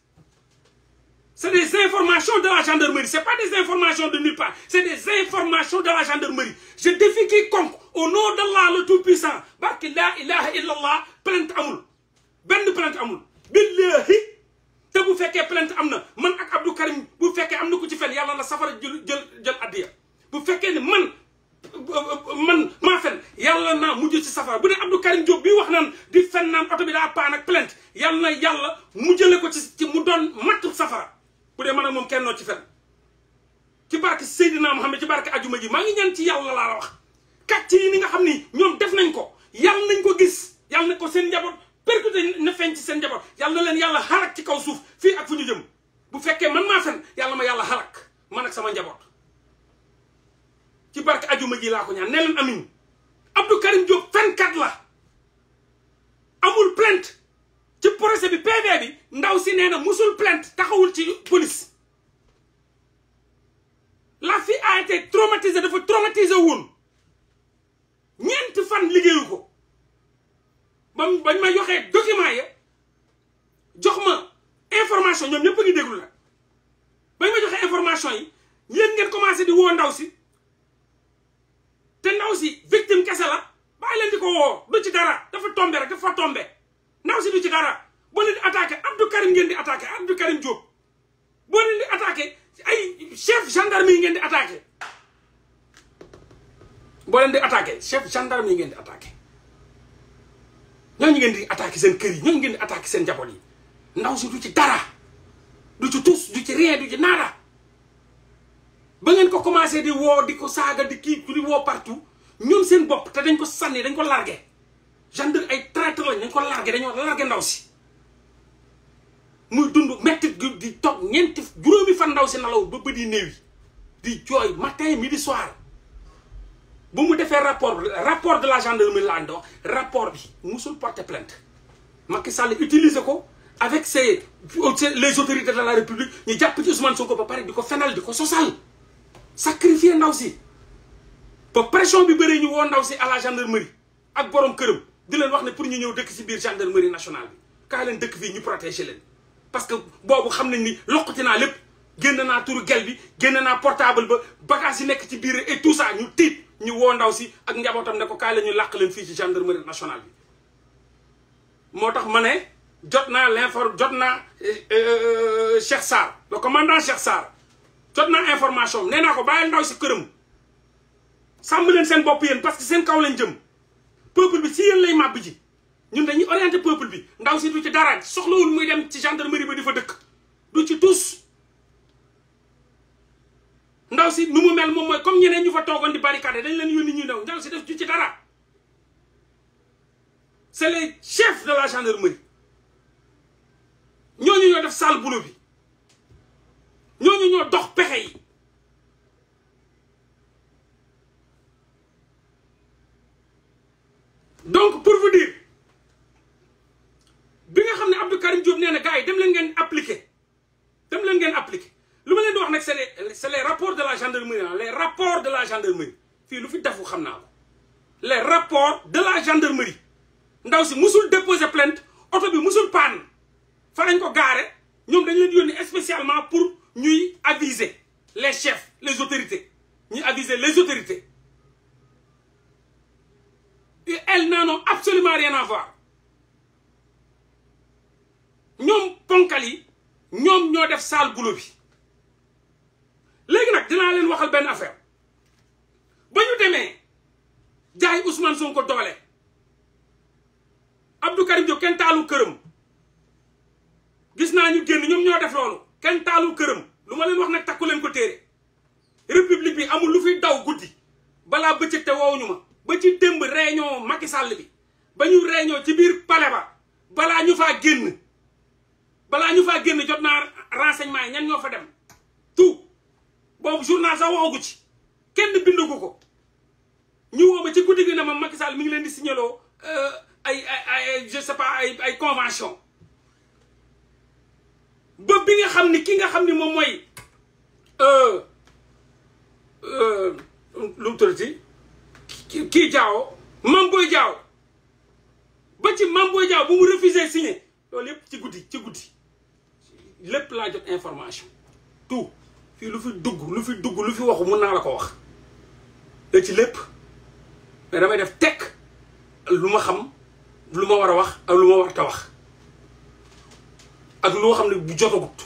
c'est des informations de la gendarmerie c'est pas des informations de nulle part c'est des informations de la gendarmerie je défie quiconque au nom d'Allah le tout-puissant barke laa ilaha illa allah amul benn plainte amul billahi te bu fekkee plainte am na man ak Abdou Karim bu fekkee am na ku ci fel yàlla na safara jël jël jël addiya bu fekkee ne man man maa fen yàlla naa mujj ci safara bu dee Abdou Karim Diop bii wax naan di fen naan oto bi daa paan ak plainte yàlla na yàlla mujjale ko ci ci mu doon mattu safara bu dee man ak moom kenn noo ci fen ci barke Seydina Mohamed ci barke ajuma ji ma ngi ñaan ci yàlla laa la wax kàcc yi ni nga xam ni ñoom def nañ ko yàlla nañ ko gis yàlla na ko seen njaboot per percuté na feeñ ci seen njaboot yàlla leen yàlla xarak ci kaw suuf fii ak fu ñu jëm bu fekkee man maa fen yàlla ma yàlla xarak man ak sama njaboot ci barke ajuma ji laa ko ñaan ne leen amin Abdou Karim Diop fenkat la amul plainte ci procès bi PV bi ndaw si nee na musul plainte taxawul ci police la fille a été traumatisée dafa traumatisé woon ñeenti fan liggéeyu ko ba mu bañ ma yoxee document ya jox ma information ñoom ñëpp a ngi déglu la bañ ma joxee information yi yéen ngeen commencé di woo ndaw si te ndaw si victime kese la bàyyi leen di ko woo du ci dara dafa tombe rek dafa tombe ndaw si du ci dara boo leen di attaqué Abdou Karim ngeen di attaqué Abdou Karim jóob boo leen di attaqué ay chef gendarmerie ngeen di attaqué boo leen di attaqué chef gendarmerie ngeen di attaqué ñooñu ngeen di attaqué seen kër yi ngeen di attaqué seen njaboot yi ndaw si du ci dara du ci tus du ci rien du ci naara ba ngeen ko commencé di woo di ko saaga di kii di woo partout ñoom seen bopp te dañ ko sànni dañ ko largué gendarme ay traître lañ dañ ko largué dañoo largué ndaw si muy dund mettit gi di toog ñeenti juróomi fa ndaw si nalaw ba bët yi néew yi di jooy matin midi soir bu mu defee rapport rapport de la gendarmerie laa ndox rapport bi musul porter plainte Macky Sall utiliser ko avec ses les autorités de la république ñu jàpp ci ba pare di ko fenal di ko sosal sacrifier ndaw si ba pression bi bëree ñu woo ndaw si à la gendarmerie ak borom këram di leen wax ne pour ñu ñëw dëkk si biir gendarmerie nationale bi kaa leen dëkk fii ñu protéger leen. parce que boobu xam nañ ni loqati naa lépp génn naa tour gel bi génn naa portable ba bagage yi nekk ci biir et tout ça ñu tiit ñu woo ndaw si ak njabootam ne ko kaa leen ñu làq leen fii ci gendarmerie nationale bi moo tax ma ne jot naa l'information jot naa euh, euh, Cheikh Sarr le commandant Cheikh Sarr. jot naa information nee ko bàyyil ndaw si këram sàmm leen seen bopp yéen parce que seen kaw lañ jëm peuple bi si yéen lay màbb ji ñun dañuy orienté peuple bi ndaw si du ci dara soxlawul muy dem ci gendarmerie ba di fa dëkk du ci tus ndaw si nu mu mel moom mooy comme ñeneen ñu fa toogoon di barricade dañ leen yónni ñuy ndaw ndaw si def du ci dara c'est les chefs de la gendarmerie ñooñu ñoo ñu def sale boulot bi ñooñu ñoo dox pexe yi donc pour vous dire bi nga xam ne Abdou Karim Diop nee na gars yi dem leen ngeen appliquer dem leen ngeen appliquer lu ma leen di wax nag c'est les c'est les rapports de la gendarmerie les rapports de la gendarmerie fii lu fi defu xam naa ko les rapports de la gendarmerie ndaw si musul déposer plainte oto bi musul panne fa lañ ko gaare ñoom dañu leen yónni spécialement pour ñuy aviser les chefs les autorités ñuy aviser les autorités et elles n'en ont absolument rien à ñoom ponkal yi ñoom ñoo def sale boulot bi léegi nag dinaa leen waxal benn affaire ba ñu demee jaay Ousmane Sonko doole Abdou Karim kenn taalu këram gis naa ñu génn ñoom ñoo def loolu kenn taalu këram lu ma leen wax nag takku leen ko téere république bi amul lu fi daw guddi balaa bëccëg te woowuñu ma ba ci démb réunion Macky Sall bi ba ñu réunion ci biir palais ba balaa ñu faa génn balaa ñu faa génn jot naa renseignement yi ñan ñoo fa dem tout boobu journal sax waxagu ci kenn bindagu ko ñu woo ma ci guddi gi ne ma Macky Sall mi ngi leen di signaloo euh, ay ay ay je sais pas ay ay convention ba bi nga xam ni ki nga xam ni moom mooy euh, euh, lu mu tuddati kii jaawo mam booy jaaw ba ci mam booy jaaw bu mu refusé signé loolu yëpp ci guddi ci guddi lépp laa jot information tout fii lu fi dugg lu fi dugg lu fi waxu mun naa la ko wax da ci lépp mais def tek lu ma xam lu ma war a wax ak lu ma war ta wax ak loo xam ne bu jotagut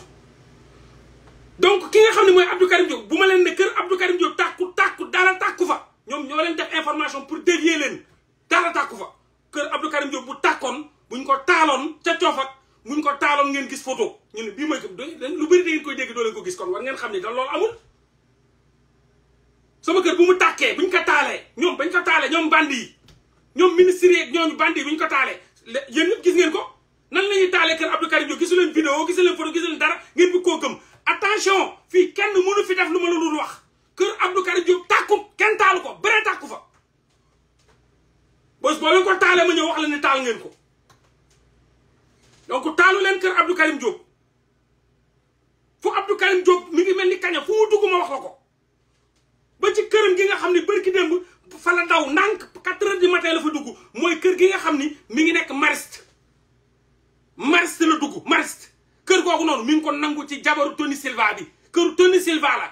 donc ki nga xam ne mooy Abdou Karim Diop bu ma leen ne kër Abdou Karim Diop tàkku tàkku dara tàkku fa ñoom ñoo leen def information pour dévier leen dara tàkku fa kër Abdou Karim Diop bu tàkkoon buñ ko taaloon ca coofak buñ ko taaloon ngeen gis photo ñu ne bii mooy lu bëri da ngeen koy dégg doo leen ko gis kon war ngeen xam ne da loolu amul sama kër bu mu tàkkee ñu ko taalee ñoom bañ ko taalee ñoom bandi yi ñoom ministre yi ñooñu bandi yi buñ ko taalee yéen ñëpp gis ngeen ko nan la ñuy taalee kër Abdou Karim Diop gisu leen vidéo gisu leen photo dara ngeen bëgg koo gëm attention fii kenn mënu fi def lu ma la lul wax kër Abdou Karim Diop tàkku kenn taalu ko bëree tàkku fa bés boo ko taalee ma ñëw wax la ne taal leen kër Abdou Karim Diop fu Abdou Karim mi ngi mel ni kaña ma wax ba ci këram gi nga xam ne bërki démb fa la daw ndànk quatre heures du la fa dugg mooy kër gi nga xam ni mi ngi nekk Mariste Mariste la dugg Mariste kër googu noonu mi ngi ko nangu ci jabaru Tony Silva bi kër Tony Silva la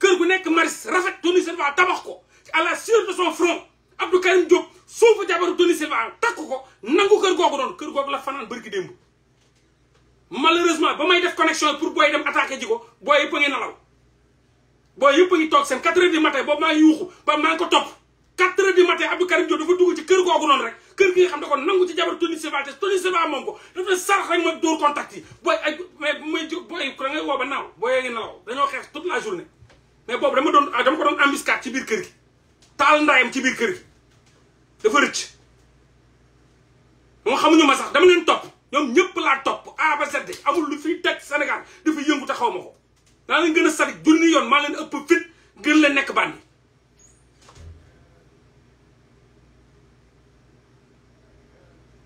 kër gu nekk Mariste rafet Tony Silva tabax ko à la sueur de son front Abdou Karim Diop suufu jabaru Tony Silva takk ko nangu kër googu noonu kër googu la fanaan bërki démb malheureusement ba may def connexion pour booy dem attaqué ji ko booy yëpp a ngi nalaw booy yëpp a ngi toog seen quatre heures du matin boobu maa ngi yuuxu ba maa ko topp quatre heures du matin Abdou Karim Diop dafa dugg ci kër googu noonu rek kër gi xam ne kon nangu ci jabar Tony Seba te Tony Seba moom ko dafa ma dóor contact yi booy ay mais may mais boobu dama doon ah, dama ko doon embuscade ci biir kër gi taal ndaayam ci biir kër gi dafa rëcc moom xamuñu ma sax dama leen topp ñoom ñëpp laa topp A ba Z amul lu fiy teg senegal dafa yëngu te xaw ma ko daa leen gën a sadik junni yoon maa leen ëpp fit gën la nekk bànni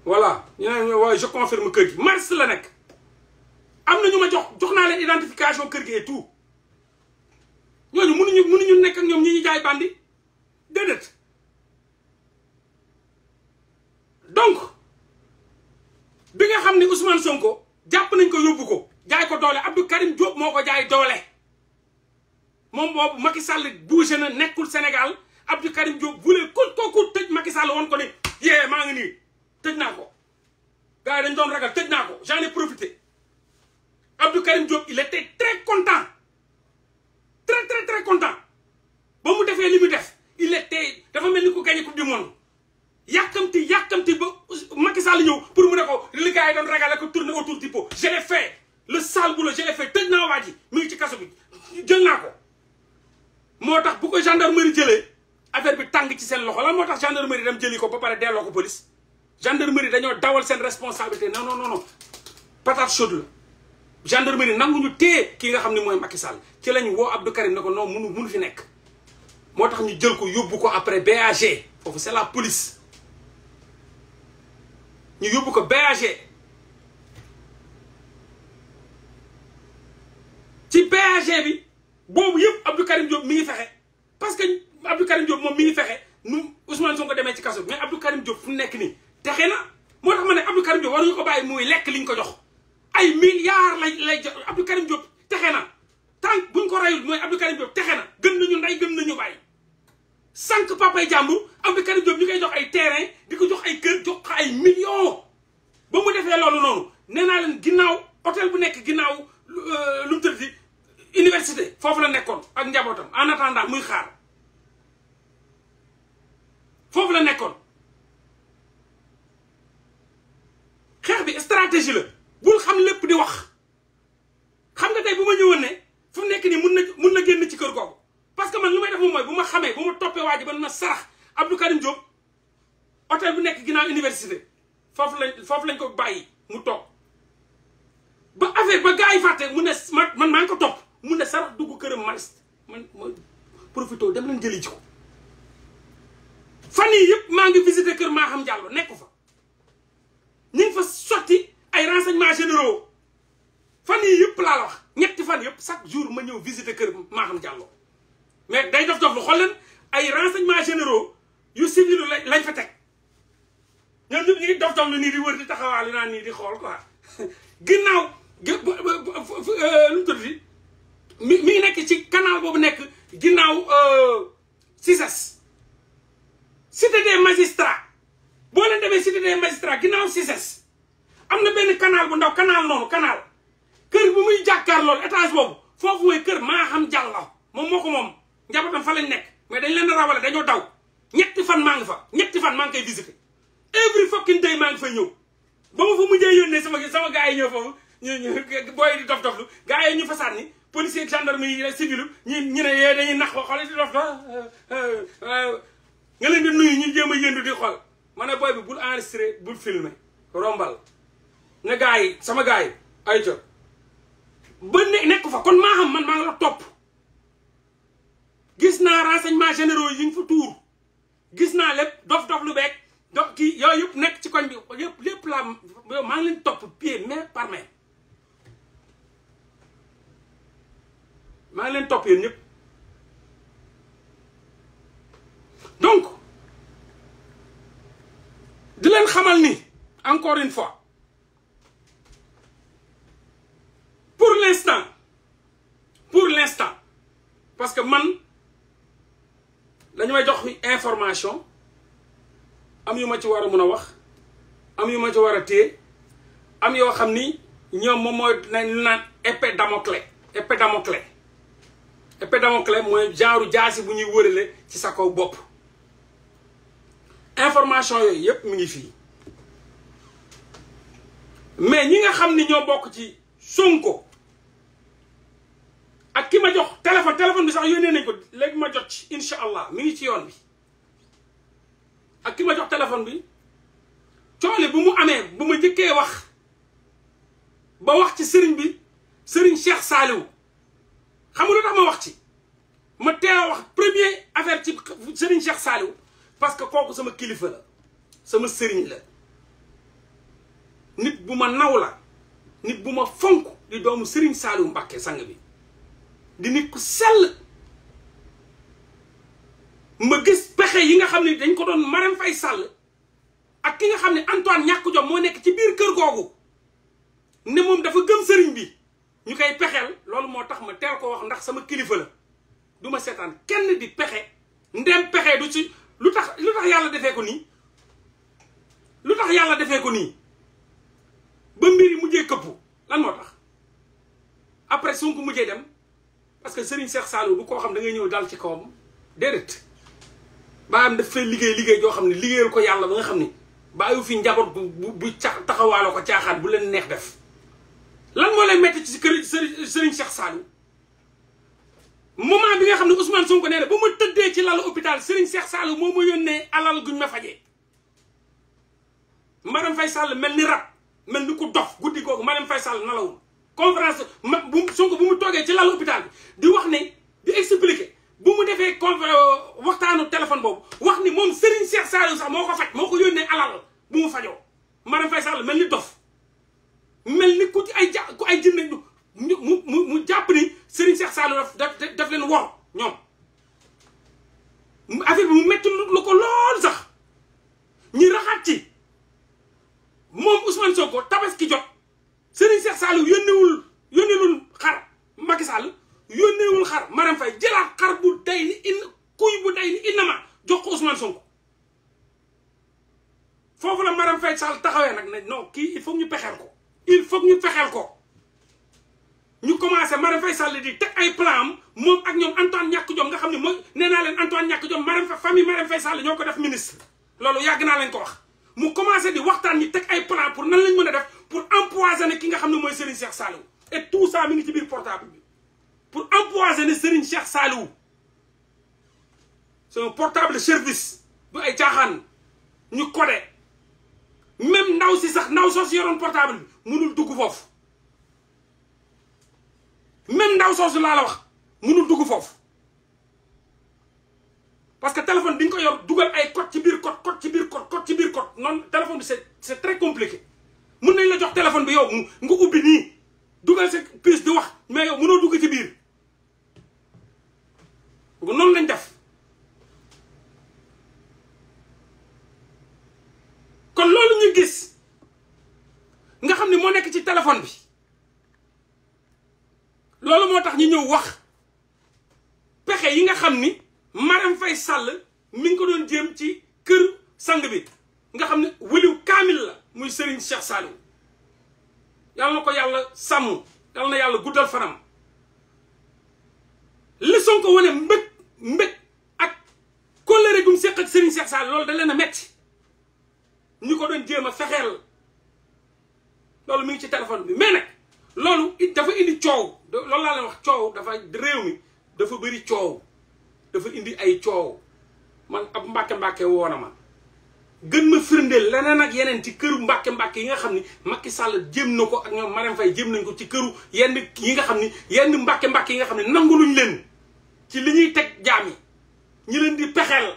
voilà ñu ne waaye je confirme kër gi mars la nekk am na ñu ma jox jox naa leen identification kër gi et tout ñooñu mënuñu mënuñu nekk ak ñoom ñu ñuy jaay bandi déedéet donc bi nga xam ne Ousmane Sonko jàpp nañ ko yóbbu ko jaay ko doole Abdou Karim Diop moo ko jaay doole moom boobu Macky Sall bougé na nekkul Sénégal Abdou Karim Diop voulait coûte que coûte tëj Macky Sall woon ko ni yee maa ngi nii. tëj naa ko gars yi dañ doon ragal tëj naa ko j'en ai profité Abdou Karim Diop il était très content très très très content ba mu defee li mu def il était dafa mel ni ku gagné coupe du monde yàkkamti yàkkamti ba Macky Sall ñëw pour mu ne ko li doon ragal ko tourner autour du pot je l'ai fait le sale boulot je l'ai fait tëj naa waa ji ngi ci kaso bi jël naa ko moo tax bu ko gendarmerie jëlee affaire bi tàng ci seen loxo lan moo tax gendarmerie dem jëli ko ba pare delloo ko police gendarmerie dañoo dawal seen responsabilité non non non non patate chaude la gendarmerie nanguñu téye ki nga xam ne mooy Macky Sall ci lañ woo Abdou Karim ne ko non munu munu fi nekk moo tax ñu jël ko yóbbu ko après BAG foofu c'est la police ñu yóbbu ko BAG ci BAG bi boobu yëpp Abdou Karim Diop mi ngi fexe parce que Abdou Karim Diop moom mi ngi fexe nu Ousmane Sonko demee ci kaso mais Abdou Karim Diop fu nekk nii texe na moo tax ma ne Abdou Karim war ñu ko bàyyi muy lekk liñ ko jox ay milliards lay lay jox Abdou Karim Diop texe na tànk buñ ko rayul mooy Abdou Karim Diop texe na gën nañu nday gën nañu bàyyi sànq papay jàmbur Abdou Karim Diop ñu koy jox ay terrain bi ko jox ay kër jox ko ay millions ba mu defee loolu noonu nee naa leen ginnaaw hôtel bu nekk ginnaaw euh, lu mu tëdd université foofu la nekkoon ak njabootam en attendant muy xaar foofu la nekkoon xeex bi stratégie la bul xam lépp di wax xam nga tey bu ma ñëwoon ne fu nekk nii mun na mun na génn ci kër googu parce que man lu may def moom mooy bu ma xamee bu ma toppee waa ji ba na sarax Abdou Karim Diop hôtel bu nekk ginnaaw université foofu lañ foofu lañ ko bàyyi mu toog ba affaire ba gars yi fàtte mu ne man maa ngi ko topp mu ne sarax duggu këram mariste man ma profité dem leen jëli ji ko fan yii yëpp maa ngi visité kër maa xam Diallo nekk fa. ñu ngi fa sotti ay renseignements généraux fan yii yëpp laa wax ñetti fan yëpp chaque jour ma ñëw visiter kër Maham Diallo mais day dof dof lu xool leen ay renseignements généraux yu civil lañ fa teg ñoom ñëpp ñu dof dof lu nii di wër di taxawaale naa nii di xool quoi ginnaaw lu euh, mu tuddati mi mi ngi nekk ci canal boobu nekk ginnaaw euh, CICES cité des magistrats boo leen demee cité des magistrats ginnaaw CICES am na benn canal bu ndaw canal noonu canal kër bu muy jàkkaar loolu étage boobu foofu mooy kër maa xam jàlla moom moo ko moom njabootam fa lañ nekk mais dañ leen a rawale dañoo daw ñetti fan maa ngi fa ñetti fan maa ngi koy visité every fucking day maa ngi fay ñëw ba sama sama gars yi ñëw foofu ñu ñu booy di dof dof lu yi ñu fasaat ni policier gendarme yi civil ñu ñu ne yee dañuy nax ko xool di dof dof nga leen di nuyu ñu jéem a yëndu di xool ma ne booy bi bul enregistré bul filmer rombal ne gars sama gars ay jot ba nekk fa kon maa man maa la topp gis naa renseignement généraux yi ñu fa tuur gis naa lépp dof-dof lu beeg dof kii yooyu nekk ci koñ bi yëpp lépp laa yow leen topp pied mais par main maa leen topp yéen ñëpp donc di leen xamal ni encore une fois pour l'instant pour l'instant parce que man dañu may jox information am yu ma ci war a mun a wax am yu ma ci war a tée am yoo xam ni ñoom moom mooy nañu naan épée Damoclès épée Damoclès épée Damoclès mooy genre jaasi bu ñuy wërale ci sa kaw bopp information yooyu yëpp mu ngi fii mais ñi nga xam ni ñoo bokk ci Sonko ak ki ma jox téléphone téléphone bi sax yónnee nañ ko léegi ma jot ci incha allah mu ngi ci yoon bi ak ki ma jox téléphone bi coole bu mu amee bu ma njëkkee wax ba wax ci sëriñ bi sëriñ Cheikh Saliou xam nga lu tax ma wax ci ma teel a wax premier affaire ci sëriñ Cheikh Saliou parce que kooku sama kilifa la sama sëriñ la nit bu ma naw la nit bu ma fonk di doomu sëriñ Saliou Mbacké sang bi di nit ku sell ma gis pexe yi nga xam ne dañ ko doon Marème fay sàll ak ki nga xam ne Antoine ñàkk jom moo nekk ci biir kër googu ne moom dafa gëm sëriñ bi ñu koy pexeel loolu moo tax ma teel ko wax ndax sama kilifa la du ma seetaan kenn di pexe ndem pexe du ci lu tax lu tax yàlla defee ko nii lu tax yàlla defee ko nii ba mbir yi mujjee këpp lan moo tax après su Sonko mujjee dem parce que Serigne Cheikh Saliou bu koo xam da ngay ñëw dal ci kawam déedéet baam daf fay liggéey liggéey joo xam ne liggéeyal ko yàlla ba nga xam ne bàyyiwu fi njaboot bu bu taxawaalo ko caaxaan bu leen neex def lan moo lay metti ci kër Serigne Cheikh Saliou moment bi nga xam ne Ousmane Sonko nee na ba ma tëddee ci lalu hôpital Serigne Cheikh Sall moo ma yónnee alal guñ ma fajee madame Faye Sall mel ni rab mel ni ku dof guddi googu madame Faye Sall nalawul conférence ma bu Sonko bu mu toogee ci lalu hôpital bi di wax ne di expliquer bu mu defee con euh, waxtaanu téléphone boobu wax ni moom Serigne Cheikh Sall sax moo ko faj moo ko yónnee alal bu mu fajoo madame Faye Sall mel ni dof mel ni ku ci ay ja ku ay jënd mu mu mu jàpp ni Serigne Cheikh Saliou daf daf leen wor ñoom affaire mu métti lu ko lool sax ñi raxaat ci moom Ousmane Sonko tabaski jot Serigne Cheikh Saliou yónneewul yónneewul xar Macky Sall yónneewul xar Marème Faye jëlaat xar bu day ni in kuy bu day ni innama jox ko Ousmane Sonko foofu la Marème Faye Sall taxawee nag ne non kii il faut ñu pexeel ko il faut ñu pexeel ko ñu commencé Marème Faye Sall di teg ay plan am moom ak ñoom Antoine ñàkk jom nga xam ne mooy nee naa leen Antoine ñàkk jom Marème famille Marème Faye Sall ñoo ko def ministre loolu yàgg naa leen ko wax mu commencé di waxtaan ñi teg ay plan pour nan lañ mën a def pour empoisonner ki nga xam ne mooy Serigne Cheikh Saliou et tout ça mi ngi ci biir portable bi pour empoisonner Serigne Cheikh Saliou c'est un portable service du ay caaxaan ñu codé même ndaw si sax ndaw soo si mënul dugg foofu même ndaw soosu laa la wax mënul dugg foofu parce que téléphone bi nga ko yor dugal ay code ci biir code code ci biir code code ci biir code noonu téléphone mën nañ la jox téléphone bi yow nga ubbi nii dugal sa pièce di wax mais yow mënoo dugg ci biir noonu lañ def kon loolu ñu gis nga xam ne moo nekk ci téléphone bi loolu moo tax ñu ñëw wax pexe yi nga xam ni Marème Faye sàll mi ngi ko doon jéem ci kër sang bi nga xam ne wëliw kaamil la muy sëriñ Cheikh Saliou yàlla na ko yàlla sàmm yàlla na yàlla guddal fanam li Sonko wane mbëg mbëg ak kóllëre gum séq ak Serigne Cheikh Saliou loolu da leen a metti ñu ko doon jéem a fexeel loolu mu ngi ci téléphone bi mais nag loolu dafa indi coow loolu laa leen wax coow dafa réew mi dafa bëri coow dafa indi ay coow man ab mbàkke mbàkke woona ma gën ma firndeel leneen ak yeneen ci këru mbàkke mbàkke yi nga xam ni Macky sàll jéem na ko ak ñoom Marème Faye jéem nañ ko ci këru yenn yi nga xam ni yenn mbàkke mbàkke yi nga xam ne nanguluñ leen ci li ñuy teg jaami yi ñi leen di pexeel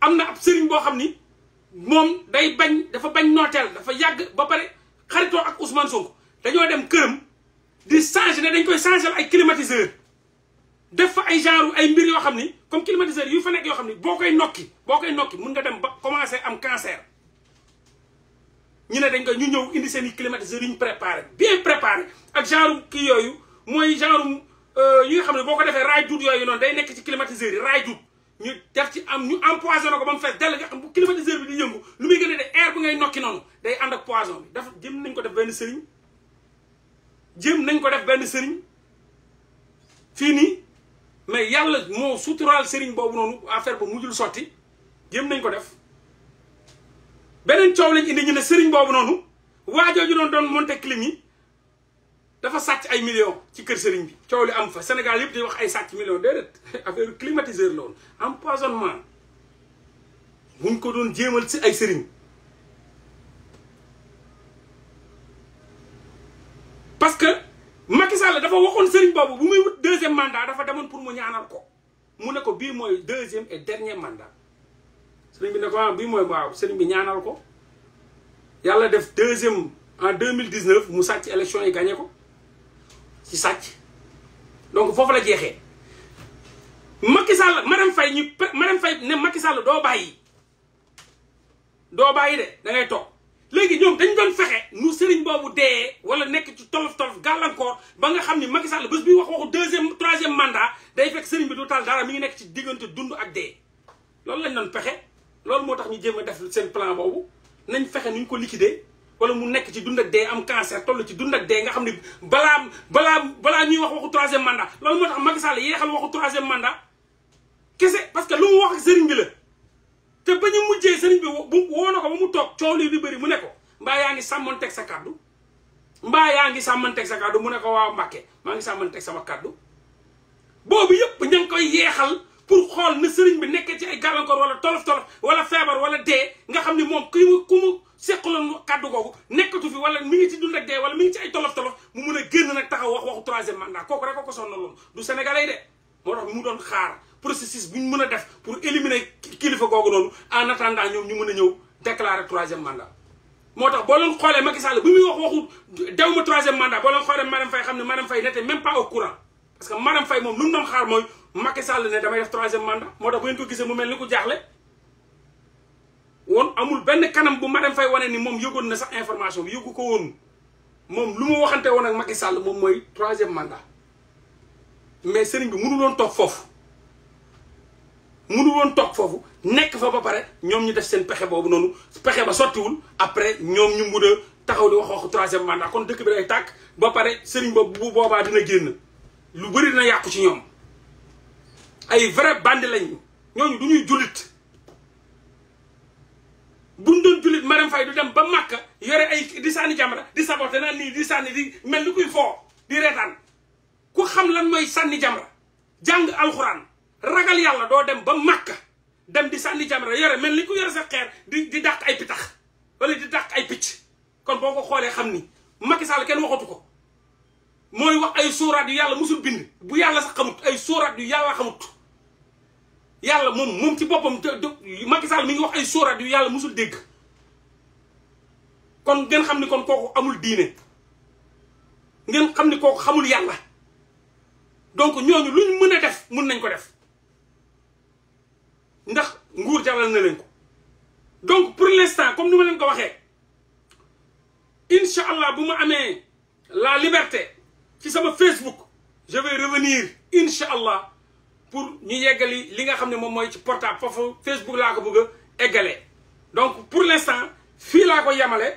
am na ab sëriñ boo xam ni moom day bañ dafa bañ nooteel dafa yàgg ba pare xaritoo ak Ousmane Sonko dañoo dem këram di changer ne dañ koy changel ay climatiseur def fa ay genre ay mbir yoo xam ni comme climatiseur yu fa nekk yoo xam ni boo koy nokki boo koy nokki mun nga dem ba commencer am cancer ñu ne dañ koy ñu ñëw indi seen i yu ñu préparé bien préparé ak genre kii yooyu mooy genre euh, yi nga xam ne boo ko defee raay duut yooyu noonu day nekk ci climatiseur yi raay duut ñu def ci am ñu empoisonné ko ba mu fees dell nga xam bu climatiseur bi di yëngu lu muy gën a de air bu ngay nokki noonu day ànd ak poison bi dafa jëm nañ ko def benn sëriñ jéem nañ ko def benn sëriñ fii nii mais yàlla moo suturaal sëriñ boobu noonu affaire ba mujjul sotti jëm nañ ko def beneen coow lañ indi ñu ne sëriñ boobu noonu waajooju doon doon monté clim yi dafa sàcc ay millions ci kër sëriñ bi coow li am fa Sénégal yëpp di wax ay sàcc millions déedéet affaire climatiseur la woon empoisonnement buñ ko doon jéemal si ay sëriñ parce que Macky Sall dafa waxoon sëriñ boobu bu muy wut deuxième mandat dafa demoon pour mu ñaanal ko mu ne ko bii mooy deuxième et dernier mandat sëriñ bi ne ko ah bii mooy waaw sëriñ bi ñaanal ko yàlla def deuxième en deux mille dix neuf mu sàcc élection yi gagné ko ci sàcc donc foofu la jeexee makki Sall Marème Faye ñu Marème Faye ne Macky Sall doo bàyyi doo bàyyi de da ngay léegi ñoom dañ doon fexe nu sëriñ boobu dee wala nekk ci tolof tolof gàllankoor ba nga xam ni Macky Sall bés bi wax waxu deuxième troisième mandat day fekk sëriñ bi du taal dara mi ngi nekk ci diggante dund ak dee. loolu lañ doon fexe loolu moo tax ñu jéem a def seen plan boobu nañ fexe nuñ ko liquider wala mu nekk ci dund ak dee am cancer toll ci dund ak dee nga xam ni balaa balaa balaa ñuy wax waxu troisième mandat loolu moo tax Macky Sall yeexal waxu troisième mandat kese parce que lu wax ak bi la. te ba ñu mujjee sëriñ bi bu woo na ko ba mu toog coow li di bëri mu ne ko mbaa yaa ngi sàmmoon teg sa kàddu mbaa yaa ngi sàmmoon teg sa kàddu mu ne ko waaw maa ngi sàmmoon teg sama kàddu boobu yëpp ña ngi koy yeexal pour xool na sëriñ bi nekkee ci ay gàllankoor wala tolof-tolof wala feebar wala dee nga xam ni moom ku mu ku mu seqaloon kàddu googu nekkatu fi wala mu ngi ci dund ak dee wala mi ngi ci ay tolof-tolof mu mun a génn nag taxaw wax waxu man mandat kooku rek ko sonaloon du sénégalais de moo tax mu doon xaar processus bu ñu mën a def pour éliminer kilifa googu noonu en attendant ñoom ñu mën a ñëw déclarer troisième mandat. moo tax boo leen xoolee Macky Sall bi muy wax waxu dewuma troisième mandat boo leen xoolee Marème Faye xam ne Marème Faye n'était même pas au courant moom lu mu doon xaar mooy Sall ne damay def troisième mandat moo tax bu ngeen ko gisee mu mel ni ku jaaxle woon amul benn kanam bu Marème Faye wane ni moom yëgoon na sax information bi yëgu ko woon moom lu mu waxante woon ak Macky Sall moom mooy troisième mandat. mais sëriñ bi mënu loon toog foofu mënu woon toog foofu nekk fa ba pare ñoom ñu def seen pexe boobu noonu pexe ba sottiwul après ñoom ñu mu a taxaw di wax waxu troisième mandat kon dëkk bi day tàkk ba pare sëriñ boobu bu boobaa dina génn lu bëri dina yàqu ci ñoom ay vrai bandi lañ ñooñu du ñuy jullit buñ doon jullit Marème Faye du dem ba Màkka yore ay di sànni jamra di saboté naan lii di sànni di mel ni kuy foo di reetaan ku xam lan mooy sànni jamra jàng alxuraan ragal yàlla doo dem ba màkka dem di sànni jamra yore mel ni ku yore sa xeer di dàq ay pitax wala di dàq ay picc kon boo ko xoolee xam ni Macky Sall kenn waxatu ko mooy wax ay sóoraat yu yàlla musul bind bu yàlla sax xamut ay sóoraat yu yàlla xamut yàlla moom moom ci boppam Macky Sall mi ngi wax ay sóoraat yu yàlla musul dégg kon ngeen xam ni kon kooku amul diine ngeen xam ni kooku xamul yàlla donc ñooñu luñ mën a def mun nañ ko def ndax nguur jaral na leen ko donc pour l'instant comme ni ma leen ko waxee incha allah bu ma amee la liberté ci sama Facebook je vais revenir incha allah pour ñu yeggali li nga xam ne moom mooy ci portable foofu Facebook laa ko bëgg a eggalee donc pour l'instant fii laa ko yemale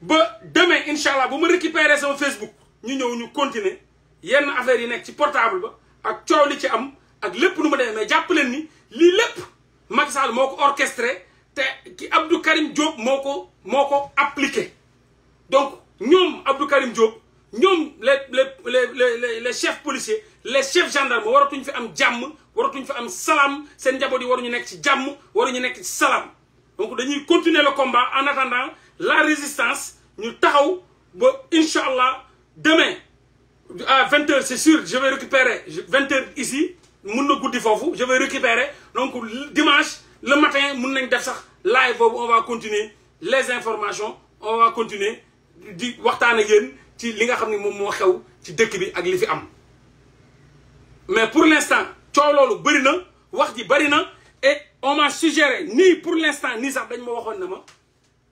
ba demain incha allah bu ma récupérer sama Facebook ñu ñëw ñu continuer yenn affaires yi nekk ci portable ba ak coow li ci am ak lépp nu mu demee mais jàpp leen ni lii lépp Macky Sall moo ko orchestré te ki Abdou Karim Diop moo ko moo ko appliqué donc ñoom Abdou Karim Diop ñoom le les le chef chefs le les chefs gendarmes waratuñ fi am jàmm waratuñ fi am salaam seen njaboot yi waruñu nekk ci jàmm waruñu nekk ci salaam donc dañuy continuer la combat en attendant la résistance ñu taxaw ba incha allah demain. à 20h ah, c'est sûr je vais récupérer 20h ici mun na guddi foofu je vais récupérer donc dimanche le matin mun nañ def sax live boobu on va continuer les informations on va continuer di waxtaan ak yéen ci li nga xam ne moom moo xew ci dëkk bi ak li fi am. mais pour l'instant coow loolu bëri na wax ji bëri na et on m'a suggéré nii pour l'instant nii sax dañ ma waxoon na ma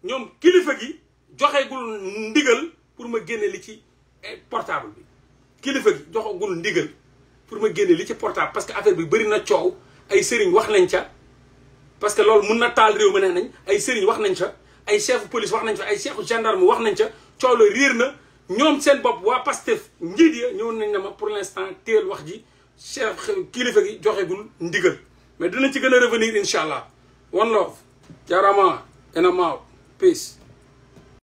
ñoom kilifa gi joxeegul ndigal pour ma génne li ci eh, portable bi. kilifa gi joxagul ndigal pour ma génne li ci portable parce que affaire bi bëri na coow ay sëriñ wax nañ ca parce que loolu mun na taal réew mi nee nañ ay sëriñ wax nañ ca ay chefu police wax nañ fa ay chefu gendarme wax nañ ca coow la réer na ñoom seen bopp waa Pastef njiit ya ñëw nañ ne ma pour l'instant teel wax ji chef kilifa gi joxegul ndigal mais dinañ ci gën a revenir incha allah one love jaaraama enamaaw